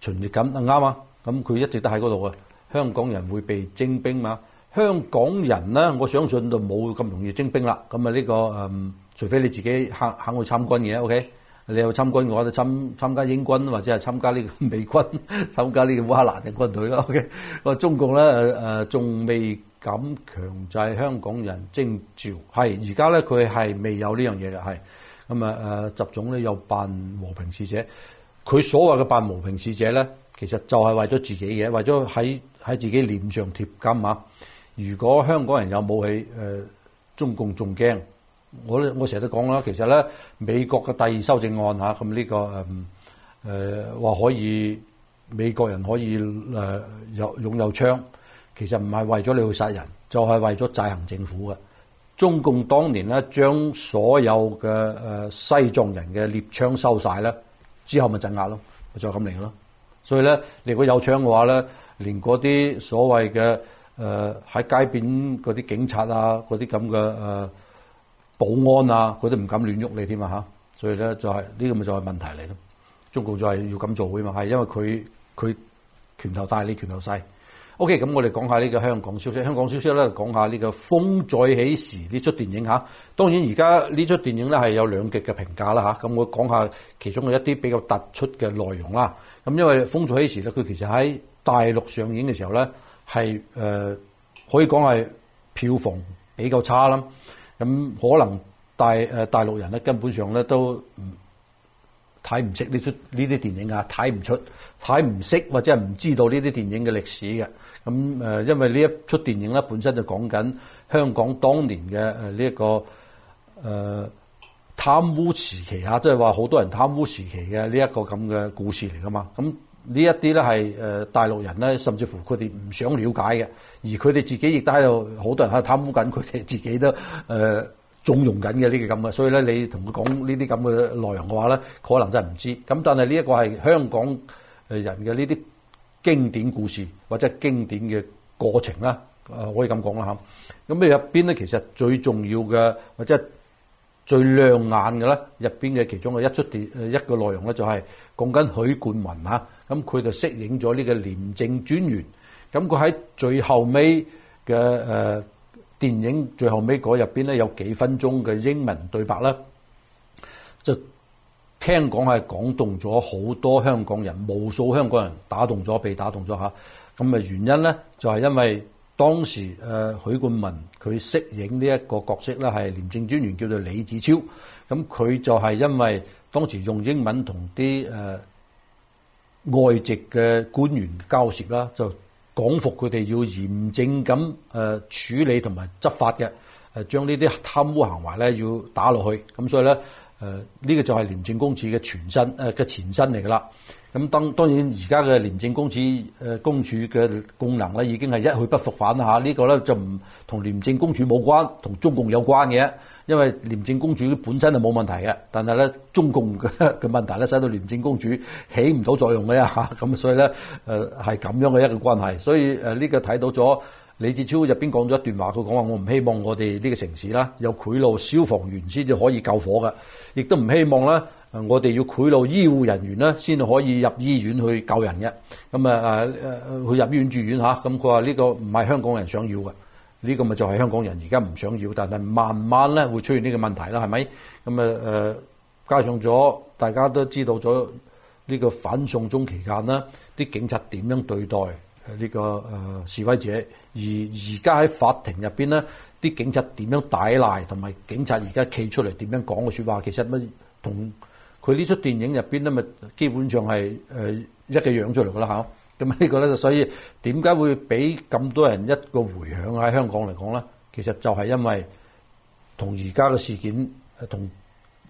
巡弋緊，啱啊。咁佢一直都喺嗰度嘅。香港人會被徵兵嘛。香港人咧，我相信就冇咁容易徵兵啦。咁啊呢個誒、呃，除非你自己肯肯去參軍嘅，OK？你有參軍嘅話，就參參加英軍或者係參加呢個美軍、參加呢個烏克蘭嘅軍隊啦。OK？我中共咧仲、呃、未敢強制香港人徵召，係而家咧佢係未有呢樣嘢嘅，係咁啊誒習總咧又扮和平使者，佢所謂嘅扮和平使者咧，其實就係為咗自己嘢，為咗喺喺自己臉上貼金嚇、啊。如果香港人有武器，誒、呃、中共仲驚？我咧，我成日都講啦，其實咧美國嘅第二修正案嚇，咁呢個誒誒話可以美國人可以誒有擁有槍，其實唔係為咗你去殺人，就係、是、為咗制衡政府嘅。中共當年咧將所有嘅誒、啊、西藏人嘅獵槍收晒，咧，之後咪鎮壓咯，咪就咁嚟嘅咯。所以咧，你如果有槍嘅話咧，連嗰啲所謂嘅……誒喺、呃、街邊嗰啲警察啊，嗰啲咁嘅誒保安啊，佢都唔敢亂喐你添啊嚇！所以咧就係呢個咪就係問題嚟咯。中國就係要咁做㗎嘛，係因為佢佢拳頭大，你拳頭細。OK，咁、嗯、我哋講下呢個香港消息。香港消息咧講下呢、呢個《風再起時》呢出電影嚇、啊。當然而家呢出電影咧係有兩極嘅評價啦嚇。咁、啊嗯、我講下其中嘅一啲比較突出嘅內容啦。咁、啊嗯、因為《風再起時》咧，佢其實喺大陸上映嘅時候咧。係誒、呃、可以講係票房比較差啦，咁可能大誒大陸人咧根本上咧都睇唔識呢出呢啲電影啊，睇唔出睇唔識或者係唔知道呢啲電影嘅歷史嘅，咁誒、呃、因為呢一出電影咧本身就講緊香港當年嘅誒呢一個誒貪、呃、污時期啊，即係話好多人貪污時期嘅呢一個咁嘅故事嚟㗎嘛，咁。呢一啲咧係誒大陸人咧，甚至乎佢哋唔想了解嘅，而佢哋自己亦都喺度好多人喺度貪污緊，佢哋自己都誒縱、呃、容緊嘅呢個咁嘅，所以咧你同佢講呢啲咁嘅內容嘅話咧，可能真係唔知道。咁但係呢一個係香港誒人嘅呢啲經典故事或者經典嘅過程啦，誒可以咁講啦嚇。咁入邊咧其實最重要嘅或者最亮眼嘅咧，入邊嘅其中嘅一出電誒一個內容咧、就係，就係講緊許冠文嚇。咁佢就飾演咗呢個廉政專員，咁佢喺最後尾嘅誒、呃、電影最後尾嗰入邊咧，有幾分鐘嘅英文對白啦，就聽講係講動咗好多香港人，無數香港人打動咗，被打動咗下。咁啊原因咧，就係、是、因為當時誒、呃、許冠文佢飾演呢一個角色咧，係廉政專員，叫做李志超。咁佢就係因為當時用英文同啲外籍嘅官員交涉啦，就講服佢哋要嚴正咁誒處理同埋執法嘅，誒將呢啲貪污行為咧要打落去。咁所以咧，誒、呃、呢、呢個就係廉政公署嘅、呃、前身嚟嘅，誒嘅前身嚟㗎喇。咁當當然而家嘅廉政公署誒公署嘅功能咧，已經係一去不復返啦嚇！呢個咧就唔同廉政公署冇關，同中共有關嘅。因為廉政公署本身係冇問題嘅，但係咧中共嘅嘅問題咧，使到廉政公署起唔到作用嘅呀，咁所以咧誒係咁樣嘅一個關係。所以誒呢個睇到咗李志超入邊講咗一段話，佢講話我唔希望我哋呢個城市啦有賄賂消防員先至可以救火嘅，亦都唔希望呢。啊、我哋要賄賂醫護人員咧，先可以入醫院去救人嘅。咁啊，啊去入醫院住院嚇。咁佢話呢個唔係香港人想要嘅，呢、呢個咪就係香港人而家唔想要。但係慢慢咧會出現呢個問題啦，係咪？咁啊加上咗大家都知道咗呢、呢個反送中期間啦，啲警察點樣對待呢、呢個、呃、示威者，而而家喺法庭入邊呢，啲警察點樣抵賴，同埋警察而家企出嚟點樣講嘅説話，其實乜同？佢呢出電影入邊都咪基本上係誒一個樣出嚟噶啦嚇，咁呢個咧，所以點解會俾咁多人一個迴響喺香港嚟講咧？其實就係因為同而家嘅事件，同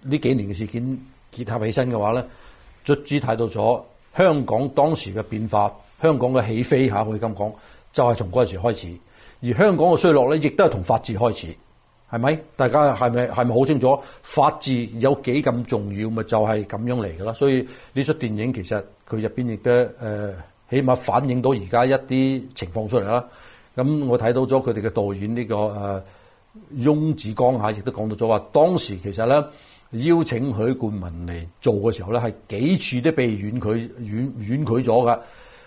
呢幾年嘅事件結合起身嘅話咧，卒之睇到咗香港當時嘅變化，香港嘅起飛嚇，可以咁講，就係從嗰陣時開始。而香港嘅衰落咧，亦都係同法治開始。係咪？大家係咪？係咪好清楚？法治有幾咁重要？咪就係咁樣嚟噶啦。所以呢出電影其實佢入邊亦都誒，起碼反映到而家一啲情況出嚟啦。咁我睇到咗佢哋嘅導演呢個誒，翁子光吓亦都講到咗話，當時其實咧邀請許冠文嚟做嘅時候咧，係幾次都被婉拒婉婉拒咗噶。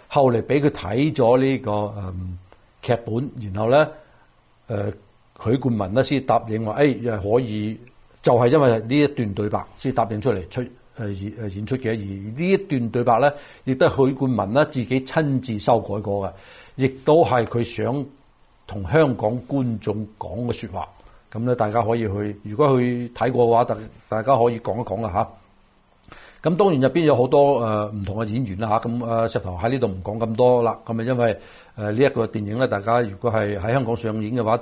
後嚟俾佢睇咗呢個誒、嗯、劇本，然後咧誒。許冠文咧先答應話，誒、哎、又可以，就係、是、因為呢一段對白先答應出嚟出誒演演出嘅，而呢一段對白咧，亦都係許冠文咧自己親自修改過嘅，亦都係佢想同香港觀眾講嘅説話。咁咧，大家可以去，如果去睇過嘅話，大大家可以講一講啦吓，咁當然入邊有好多誒唔、呃、同嘅演員啦吓，咁誒石頭喺呢度唔講咁多啦。咁啊，因為誒呢一個電影咧，大家如果係喺香港上映嘅話，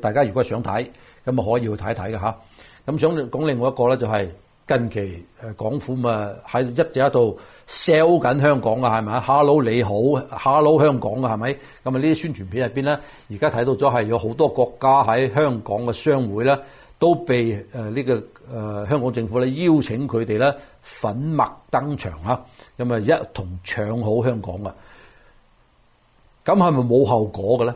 大家如果想睇，咁啊可以去睇睇嘅吓，咁想講另外一個咧，就係近期誒港府咪喺一直喺度 sell 緊香港啊，係咪啊？Hello 你好，Hello 香港啊，係咪？咁啊呢啲宣傳片入邊咧，而家睇到咗係有好多國家喺香港嘅商會咧，都被誒呢個誒香港政府咧邀請佢哋咧粉墨登場啊，咁啊一同唱好香港啊！咁係咪冇後果嘅咧？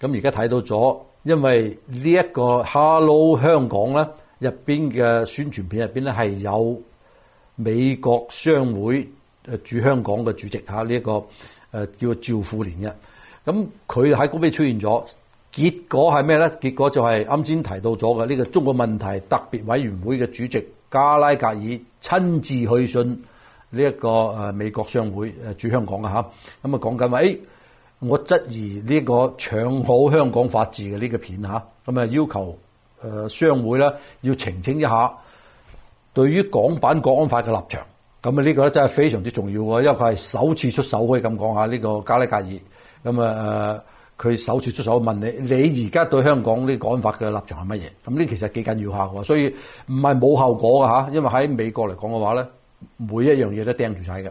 咁而家睇到咗。因為呢一個 Hello 香港咧，入邊嘅宣傳片入邊咧係有美國商會誒駐香港嘅主席嚇呢一個誒叫趙富廉嘅，咁佢喺嗰邊出現咗，結果係咩咧？結果就係啱先提到咗嘅呢個中國問題特別委員會嘅主席加拉格爾親自去信呢一個誒美國商會誒駐香港嘅嚇，咁啊講緊話我質疑呢、呢個唱好香港法治嘅呢個片下咁啊要求商會咧要澄清一下，對於港版國安法嘅立場，咁啊呢個咧真係非常之重要喎，因為佢係首次出手可以咁講下呢個加利格爾，咁啊佢首次出手問你，你而家對香港呢個國安法嘅立場係乜嘢？咁呢其實幾緊要下喎，所以唔係冇效果㗎。嚇，因為喺美國嚟講嘅話咧，每一樣嘢都掟住晒嘅。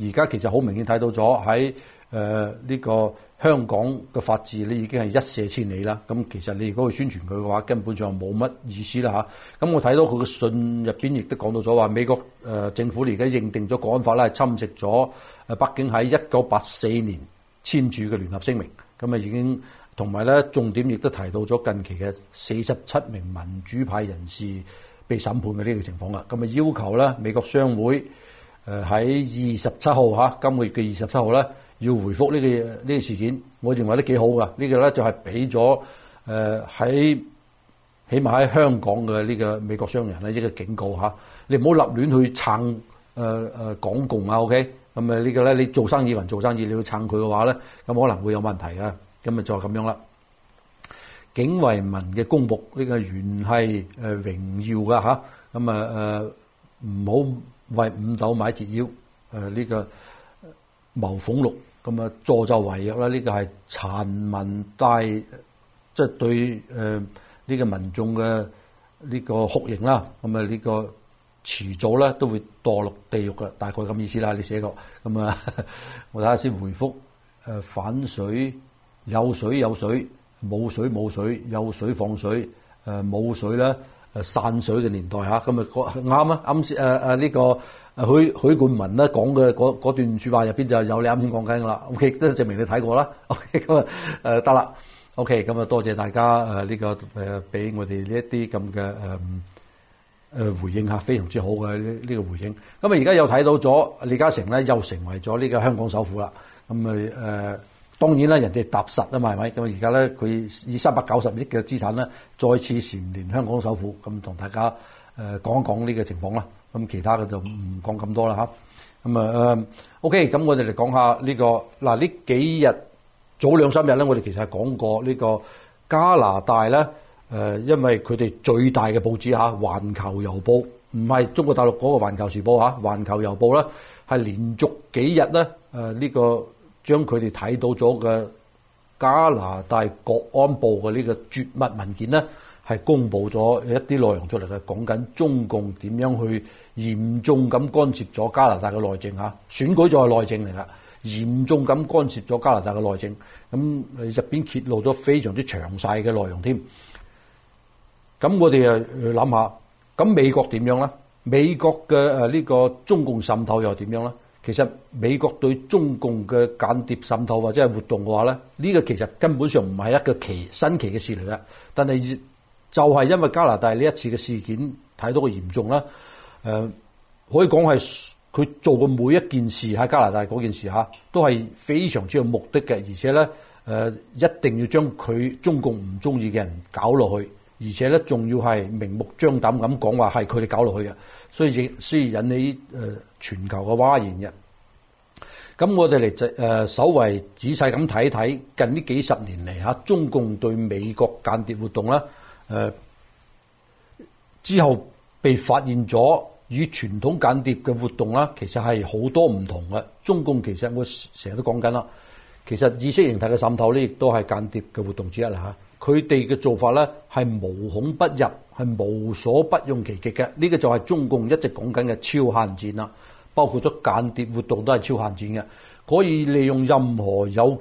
而家其實好明顯睇到咗喺。誒呢、呃這個香港嘅法治咧已經係一瀉千里啦。咁其實你如果去宣傳佢嘅話，根本上冇乜意思啦嚇。咁我睇到佢嘅信入邊亦都講到咗話，美國誒、呃、政府而家認定咗港法咧係侵蝕咗誒北京喺一九八四年簽署嘅聯合聲明。咁啊已經同埋咧重點亦都提到咗近期嘅四十七名民主派人士被審判嘅呢個情況啦。咁啊要求咧美國商會誒喺二十七號嚇，今個月嘅二十七號咧。要回覆呢個呢個事件，我認為都幾好噶。呢、這個咧就係俾咗誒喺起碼喺香港嘅呢個美國商人咧一、這個警告吓，你唔好立亂去撐誒誒港共啊。OK，咁、嗯、啊、這個、呢個咧，你做生意同做生意，你去撐佢嘅話咧，咁可能會有問題啊。咁、嗯、啊，就咁、是、樣啦。警為民嘅公僕，呢、這個原係誒榮耀噶吓，咁啊誒，唔、嗯、好、呃、為五斗米折腰。誒、呃、呢、這個謀俸祿。咁啊助紂為虐啦！呢、這個係殘民大，即係對誒呢個民眾嘅呢個酷刑啦。咁啊呢個遲早咧都會墮落地獄嘅。大概咁意思啦。你寫個咁啊，我睇下先回覆誒反水有水有水冇水冇水有水放水誒冇水咧誒散水嘅年代吓，咁、嗯、啊啱啊啱先誒誒呢個。許許冠文咧講嘅嗰段説話入邊就有你啱先講緊㗎啦，OK 都證明你睇過啦，OK 咁啊得啦，OK 咁、嗯、啊多謝大家誒呢、呃這個誒俾、呃、我哋呢一啲咁嘅誒回應啊，非常之好嘅呢呢個回應。咁啊而家又睇到咗李嘉誠咧又成為咗呢個香港首富啦，咁啊誒當然啦、嗯、呢，人哋踏實啊嘛係咪？咁而家咧佢以三百九十億嘅資產咧再次蟬聯香港首富，咁、嗯、同大家誒、呃、講一講呢個情況啦。咁其他嘅就唔、okay，講咁多啦嚇，咁啊，OK，咁我哋嚟講下呢個嗱呢幾日早兩三日咧，我哋其實係講過呢個加拿大咧，誒，因為佢哋最大嘅報紙嚇《環球郵報》，唔係中國大陸嗰個《環球時報》嚇，《環球郵報》呢咧係連續幾日咧，誒、這、呢個將佢哋睇到咗嘅加拿大國安部嘅呢個絕密文件咧。係公布咗一啲內容出嚟嘅，講緊中共點樣去嚴重咁干涉咗加拿大嘅內政嚇，選舉就係內政嚟噶，嚴重咁干涉咗加拿大嘅內政，咁入邊揭露咗非常之詳細嘅內容添。咁我哋啊諗下，咁美國點樣呢？美國嘅誒呢個中共滲透又點樣呢？其實美國對中共嘅間諜滲透或者係活動嘅話咧，呢個其實根本上唔係一個奇新奇嘅事嚟嘅，但係。就係因為加拿大呢一次嘅事件太多個嚴重啦，誒可以講係佢做嘅每一件事喺加拿大嗰件事嚇，都係非常之有目的嘅，而且咧誒一定要將佢中共唔中意嘅人搞落去，而且咧仲要係明目張膽咁講話係佢哋搞落去嘅，所以亦所以引起誒全球嘅譁然嘅。咁我哋嚟就誒稍為仔細咁睇一睇近呢幾十年嚟嚇中共對美國間諜活動啦。誒、呃，之後被發現咗與傳統間諜嘅活動啦，其實係好多唔同嘅。中共其實我成日都講緊啦，其實意識形態嘅滲透呢，亦都係間諜嘅活動之一啦嚇。佢哋嘅做法咧係無孔不入，係無所不用其極嘅。呢個就係中共一直講緊嘅超限戰啦，包括咗間諜活動都係超限戰嘅，可以利用任何有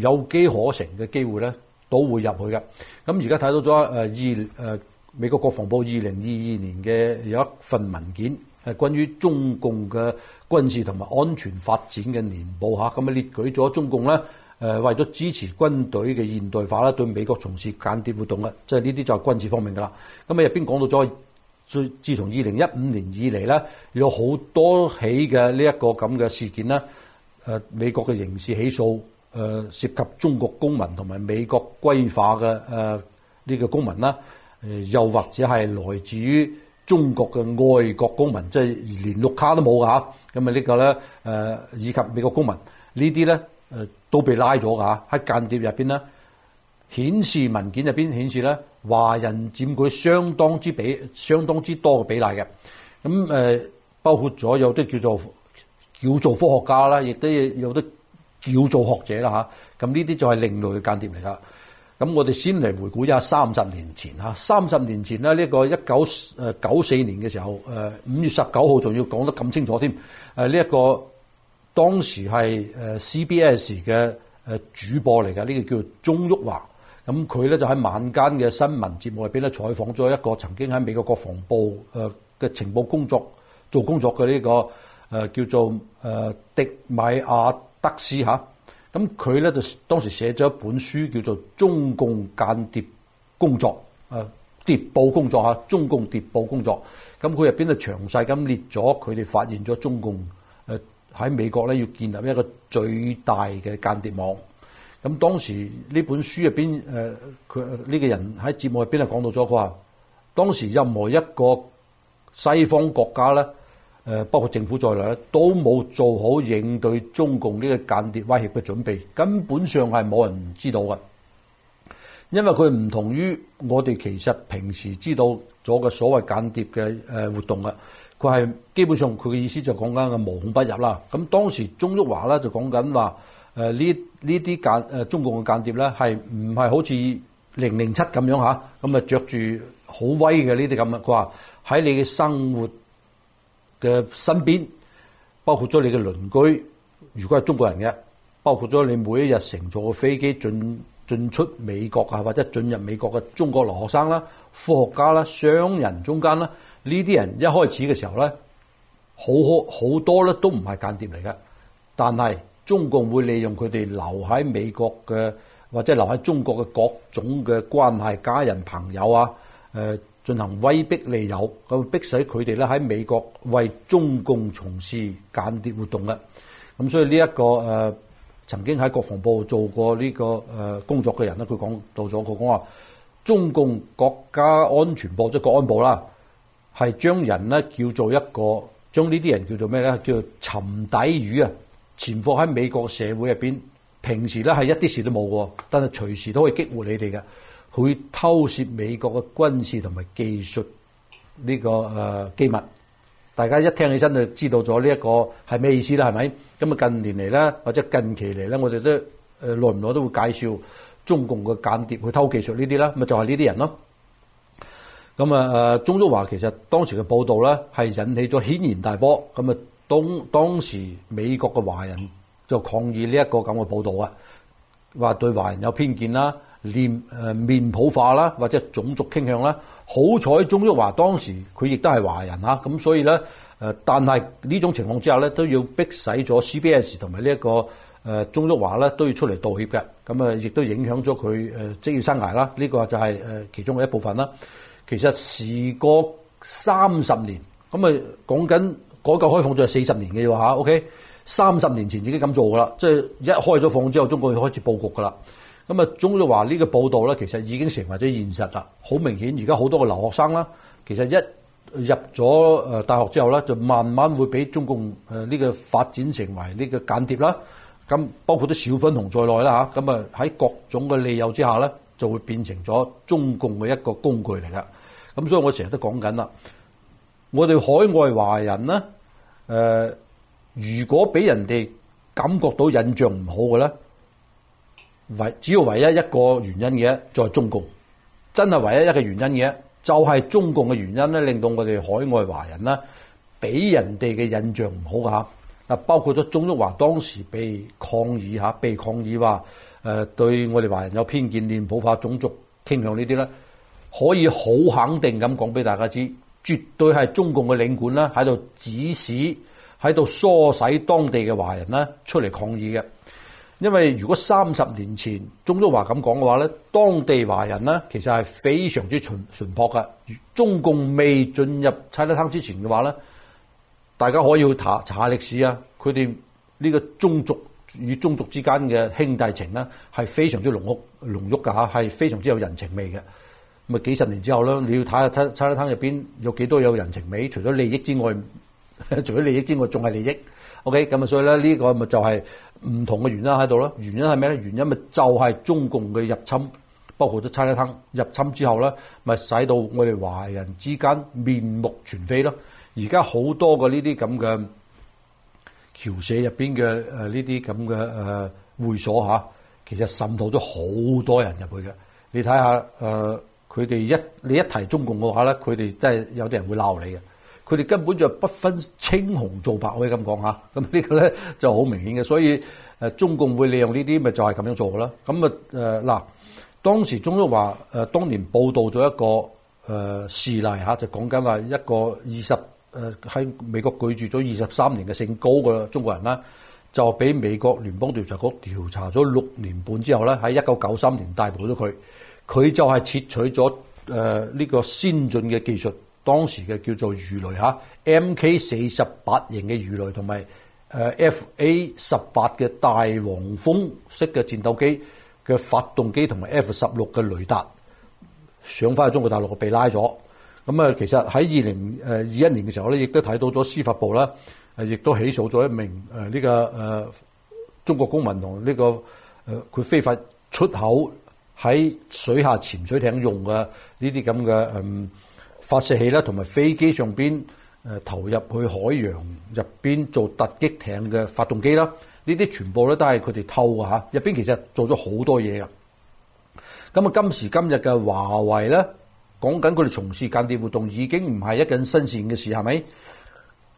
有機可乘嘅機會咧。都會入去嘅，咁而家睇到咗誒二誒美國國防部二零二二年嘅有一份文件，係關於中共嘅軍事同埋安全發展嘅年報嚇，咁啊列舉咗中共咧誒為咗支持軍隊嘅現代化咧，對美國從事間諜活動嘅，即係呢啲就係、是、軍事方面噶啦。咁啊入邊講到咗，自從二零一五年以嚟咧，有好多起嘅呢一個咁嘅事件啦，誒美國嘅刑事起訴。誒涉及中國公民同埋美國歸化嘅誒呢個公民啦，誒、呃、又或者係來自於中國嘅外國公民，即係連綠卡都冇㗎吓，咁、嗯、啊、這個、呢個咧誒以及美國公民這些呢啲咧誒都被拉咗㗎吓喺間諜入邊咧，顯示文件入邊顯示咧華人佔據相當之比、相當之多嘅比例嘅，咁、嗯、誒、呃、包括咗有啲叫做叫做科學家啦，亦都有啲。叫做學者啦吓，咁呢啲就係另類嘅間諜嚟啦。咁我哋先嚟回顧一下三十年前嚇，三十年前咧呢個一九誒九四年嘅時候，誒五月十九號仲要講得咁清楚添。誒呢一個當時係誒 CBS 嘅誒主播嚟嘅，呢個叫做鍾旭華。咁佢咧就喺晚間嘅新聞節目入邊咧，採訪咗一個曾經喺美國國防部誒嘅情報工作做工作嘅呢個誒叫做誒迪米亞。德斯哈，咁佢咧就當時寫咗一本書，叫做《中共間諜工作》，誒，諜報工作嚇，中共諜報工作。咁佢入邊就詳細咁列咗佢哋發現咗中共誒喺美國咧要建立一個最大嘅間諜網。咁當時呢本書入邊誒，佢呢、這個人喺節目入邊就講到咗佢話，當時任何一個西方國家咧。誒包括政府在內咧，都冇做好應對中共呢個間諜威脅嘅準備，根本上係冇人知道嘅。因為佢唔同於我哋其實平時知道咗嘅所謂間諜嘅誒活動啊，佢係基本上佢嘅意思就講緊嘅無孔不入啦。咁當時鍾旭華咧就講緊話誒呢呢啲間誒中共嘅間諜咧係唔係好似零零七咁樣吓？咁啊着住好威嘅呢啲咁啊，佢話喺你嘅生活嘅身邊，包括咗你嘅鄰居，如果係中國人嘅，包括咗你每一日乘坐嘅飛機進進出美國啊，或者進入美國嘅中國留學生啦、科學家啦、商人中間啦，呢啲人一開始嘅時候咧，好好好多咧都唔係間諜嚟嘅，但係中共會利用佢哋留喺美國嘅或者留喺中國嘅各種嘅關係、家人、朋友啊，誒、呃、進行威逼利誘，咁逼使佢哋咧喺美國為中共從事間諜活動嘅。咁所以呢、這、一個誒、呃、曾經喺國防部做過呢、這個誒、呃、工作嘅人咧，佢講到咗佢講話中共國家安全部即係國安部啦，係將人咧叫做一個將呢啲人叫做咩咧？叫做沉底魚啊，潛伏喺美國社會入邊，平時咧係一啲事都冇嘅，但係隨時都可以激活你哋嘅。佢偷竊美國嘅軍事同埋技術呢個誒機密，大家一聽起身就知道咗呢一個係咩意思啦，係咪？咁啊，近年嚟咧，或者近期嚟咧，我哋都誒耐唔耐都會介紹中共嘅間諜去偷技術呢啲啦，咪就係呢啲人咯。咁啊，中中華其實當時嘅報導咧，係引起咗軒然大波。咁啊，當當時美國嘅華人就抗議呢一個咁嘅報導啊，話對華人有偏見啦。面誒面譜化啦，或者種族傾向啦，好彩鍾玉華當時佢亦都係華人嚇，咁所以咧誒，但係呢種情況之下咧，都要逼使咗 CBS 同埋呢一個誒鍾玉華咧都要出嚟道歉嘅，咁啊，亦都影響咗佢誒職業生涯啦。呢個就係誒其中嘅一部分啦。其實時過三十年，咁啊，講緊改革開放咗有四十年嘅話，OK，三十年前自己咁做噶啦，即係一開咗放之後，中國要開始佈局噶啦。咁啊，總之話呢個報道咧，其實已經成為咗現實啦。好明顯，而家好多個留學生啦，其實一入咗大學之後咧，就慢慢會俾中共呢個發展成為呢個間諜啦。咁包括啲小粉紅在內啦吓，咁啊喺各種嘅利誘之下咧，就會變成咗中共嘅一個工具嚟㗎。咁所以我成日都講緊啦，我哋海外華人咧，如果俾人哋感覺到印象唔好嘅咧。唯主要唯一一個原因嘅，就係中共，真係唯一一個原因嘅，就係中共嘅原因咧，令到我哋海外華人咧，俾人哋嘅印象唔好嘅嚇、啊。包括咗中庸華當時被抗議嚇、啊，被抗議話誒、啊、對我哋華人有偏見、念普化種族傾向呢啲咧，可以好肯定咁講俾大家知，絕對係中共嘅領館啦，喺度指使，喺度唆使當地嘅華人咧出嚟抗議嘅。因為如果三十年前，中都話咁講嘅話咧，當地華人咧，其實係非常之純淳樸嘅。中共未進入差利攤之前嘅話咧，大家可以去查查下歷史啊。佢哋呢個宗族與宗族之間嘅兄弟情啦，係非常之濃郁濃郁嘅吓，係非常之有人情味嘅。咁啊，幾十年之後咧，你要睇下差差利攤入邊有幾多少有人情味，除咗利益之外。除咗利益之外，仲係利益。OK，咁啊，所以咧呢個咪就係唔同嘅原因喺度咯。原因係咩咧？原因咪就係中共嘅入侵，包括咗差一坑入侵之後咧，咪使到我哋華人之間面目全非咯。而家好多嘅呢啲咁嘅僑社入邊嘅誒呢啲咁嘅誒會所吓，其實滲透咗好多人入去嘅。你睇下誒，佢、呃、哋一你一提中共嘅話咧，佢哋真係有啲人會鬧你嘅。佢哋根本就不分青紅皂白，可以咁講嚇。咁呢個咧就好明顯嘅，所以誒、啊、中共會利用呢啲，咪就係、是、咁樣做啦。咁啊誒嗱、啊，當時中旭話誒，當年報道咗一個誒事、呃、例嚇、啊，就講緊話一個二十誒喺美國居住咗二十三年嘅姓高嘅中國人啦、啊，就俾美國聯邦調查局調查咗六年半之後咧，喺一九九三年逮捕咗佢。佢就係竊取咗誒呢個先進嘅技術。當時嘅叫做魚雷嚇，M K 四十八型嘅魚雷同埋誒 F A 十八嘅大黃蜂式嘅戰鬥機嘅發動機同埋 F 十六嘅雷達上返去中國大陸，我被拉咗。咁啊，其實喺二零誒二一年嘅時候咧，亦都睇到咗司法部啦，誒，亦都起訴咗一名誒呢個誒中國公民同呢個誒佢非法出口喺水下潛水艇用嘅呢啲咁嘅嗯。發射器啦，同埋飛機上邊誒投入去海洋入邊做突擊艇嘅發動機啦，呢啲全部咧都係佢哋偷嘅嚇。入邊其實做咗好多嘢嘅。咁啊，今時今日嘅華為咧，講緊佢哋從事間諜活動已經唔係一件新鮮嘅事，係咪？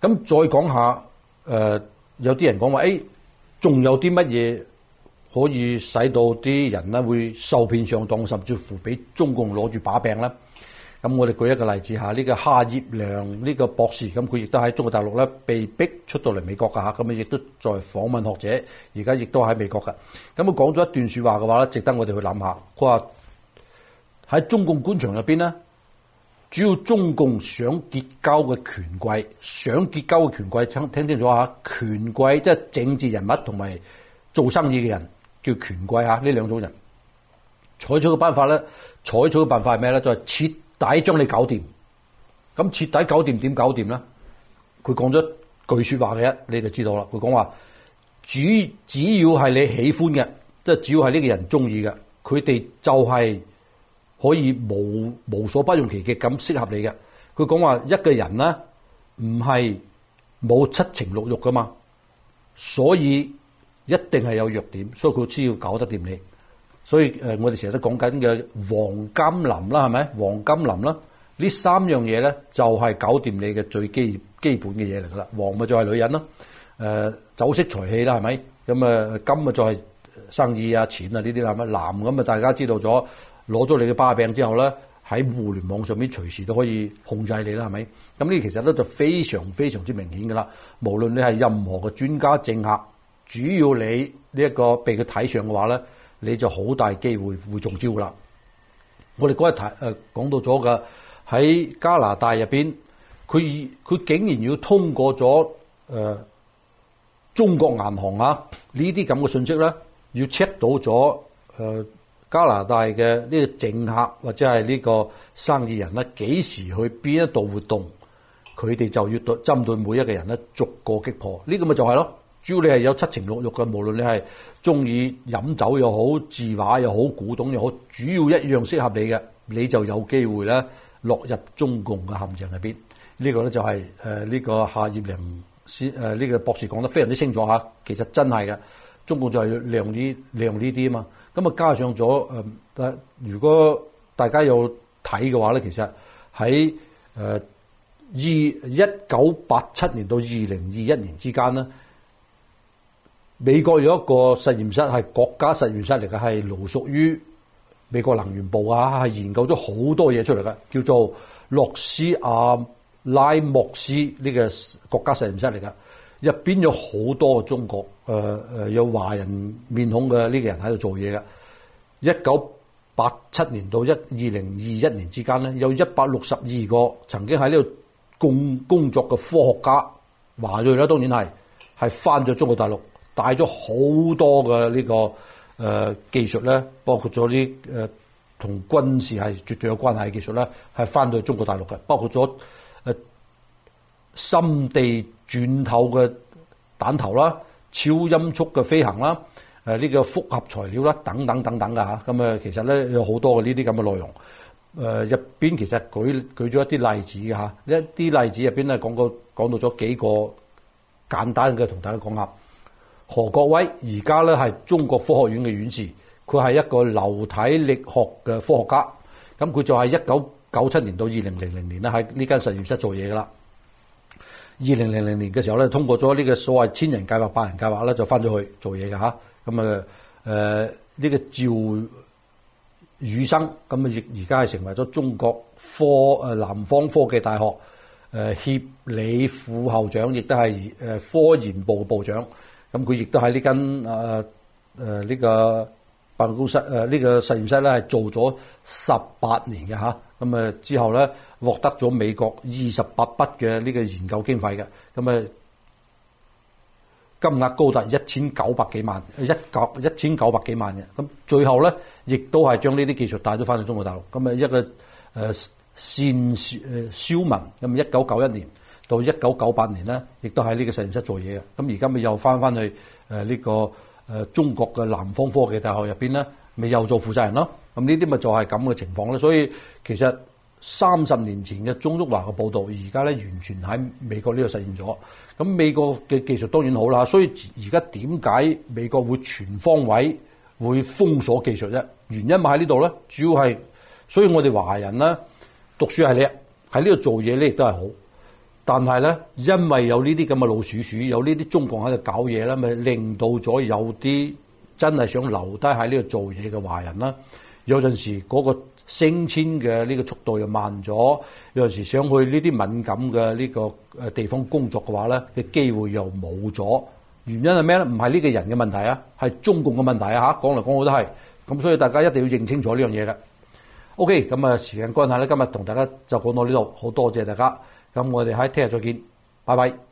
咁再講下誒，有啲人講話，誒、哎、仲有啲乜嘢可以使到啲人咧會受騙上當，甚至乎俾中共攞住把柄咧？咁我哋舉一個例子嚇，呢個夏業良呢個博士，咁佢亦都喺中國大陸咧被逼出到嚟美國噶嚇，咁啊亦都在訪問學者，而家亦都喺美國噶。咁佢講咗一段説話嘅話咧，值得我哋去諗下。佢話喺中共官場入邊呢，主要中共想結交嘅權貴，想結交嘅權貴，聽聽清楚嚇，權貴即係、就是、政治人物同埋做生意嘅人，叫權貴嚇，呢兩種人採取嘅辦法咧，採取嘅辦法係咩咧？就係切底將你搞掂，咁徹底搞掂點搞掂咧？佢講咗句說話嘅，你就知道啦。佢講話主只要係你喜歡嘅，即係只要係呢個人中意嘅，佢哋就係可以無無所不用其極咁適合你嘅。佢講話一個人咧唔係冇七情六欲噶嘛，所以一定係有弱點，所以佢先要搞得掂你。所以誒，我哋成日都講緊嘅黃金林啦，係咪？黃金林啦，呢三樣嘢咧就係搞掂你嘅最基基本嘅嘢嚟㗎啦。黃咪就係女人咯，誒、呃，酒色財氣啦，係咪？咁誒，金咪就係生意啊、錢啊呢啲啦，係咪？男咁啊？大家知道咗攞咗你嘅把柄之後咧，喺互聯網上面隨時都可以控制你啦，係咪？咁呢其實咧就非常非常之明顯㗎啦。無論你係任何嘅專家政客，主要你呢一個被佢睇上嘅話咧。你就好大機會會中招啦！我哋嗰日提講到咗嘅喺加拿大入面，佢佢竟然要通過咗、呃、中國銀行啊呢啲咁嘅信息咧，要 check 到咗、呃、加拿大嘅呢個政客或者係呢個生意人咧，幾時去邊一度活動，佢哋就要對針對每一個人咧逐個擊破，呢個咪就係咯。主要你係有七情六欲嘅，無論你係中意飲酒又好、字畫又好、古董又好，主要一樣適合你嘅，你就有機會咧落入中共嘅陷阱入邊。呢、呢個咧就係誒呢個夏業良師誒呢個博士講得非常之清楚嚇。其實真係嘅，中共就係亮啲、亮呢啲啊嘛。咁啊，加上咗誒、呃，如果大家有睇嘅話咧，其實喺誒二一九八七年到二零二一年之間咧。美國有一個實驗室係國家實驗室嚟嘅，係屬於美國能源部啊，係研究咗好多嘢出嚟嘅，叫做洛斯阿拉莫斯呢、這個國家實驗室嚟嘅。入邊有好多中國誒誒、呃、有華人面孔嘅呢個人喺度做嘢嘅。一九八七年到一二零二一年之間咧，有一百六十二個曾經喺呢度共工作嘅科學家華裔啦，當然係係返咗中國大陸。帶咗好多嘅呢、這個誒、呃、技術咧，包括咗啲誒同軍事係絕對有關係嘅技術咧，係翻到中國大陸嘅，包括咗誒、呃、深地鑽透嘅彈頭啦、超音速嘅飛行啦、誒、呃、呢、這個複合材料啦等等等等嘅嚇。咁、啊、誒其實咧有好多嘅呢啲咁嘅內容，誒入邊其實舉舉咗一啲例子嘅嚇。一、啊、啲例子入邊咧講到講到咗幾個簡單嘅同大家講下。何國威而家咧係中國科學院嘅院士，佢係一個流體力學嘅科學家。咁佢就係一九九七年到二零零零年咧喺呢間實驗室做嘢噶啦。二零零零年嘅時候咧，通過咗呢個所謂千人計劃、百人計劃咧，就翻咗去做嘢噶吓。咁啊誒呢個趙宇生，咁啊而而家係成為咗中國科誒南方科技大學誒協理副校長，亦都係誒科研部部長。咁佢亦都喺呢間誒誒呢個辦公室誒呢、呃呢個實驗室咧，係做咗十八年嘅吓。咁誒、嗯、之後咧，獲得咗美國二十八筆嘅呢個研究經費嘅。咁、嗯、誒金額高達一千九百幾萬，一九一千九百幾萬嘅。咁、嗯、最後咧，亦都係將呢啲技術帶咗翻去中國大陸。咁、嗯、誒一個誒善誒肖文，咁一九九一年。到一九九八年咧，亦都喺呢個實驗室做嘢嘅。咁而家咪又翻翻去誒呢個誒中國嘅南方科技大學入邊咧，咪又做負責人咯。咁呢啲咪就係咁嘅情況啦。所以其實三十年前嘅鍾旭華嘅報導，而家咧完全喺美國呢度實現咗。咁美國嘅技術當然好啦。所以而家點解美國會全方位會封鎖技術啫？原因咪喺呢度咧。主要係，所以我哋華人咧讀書係叻，喺呢度做嘢咧亦都係好。但係咧，因為有呢啲咁嘅老鼠鼠，有呢啲中共喺度搞嘢啦，咪令到咗有啲真係想留低喺呢度做嘢嘅華人啦。有陣時嗰個升遷嘅呢個速度又慢咗，有陣時想去呢啲敏感嘅呢個誒地方工作嘅話咧，嘅機會又冇咗。原因係咩咧？唔係呢個人嘅問題啊，係中共嘅問題啊！嚇，講嚟講去都係。咁所以大家一定要認清楚呢樣嘢嘅。OK，咁啊，時間關係咧，今日同大家就講到呢度，好多謝大家。咁我哋喺聽日再見，拜拜。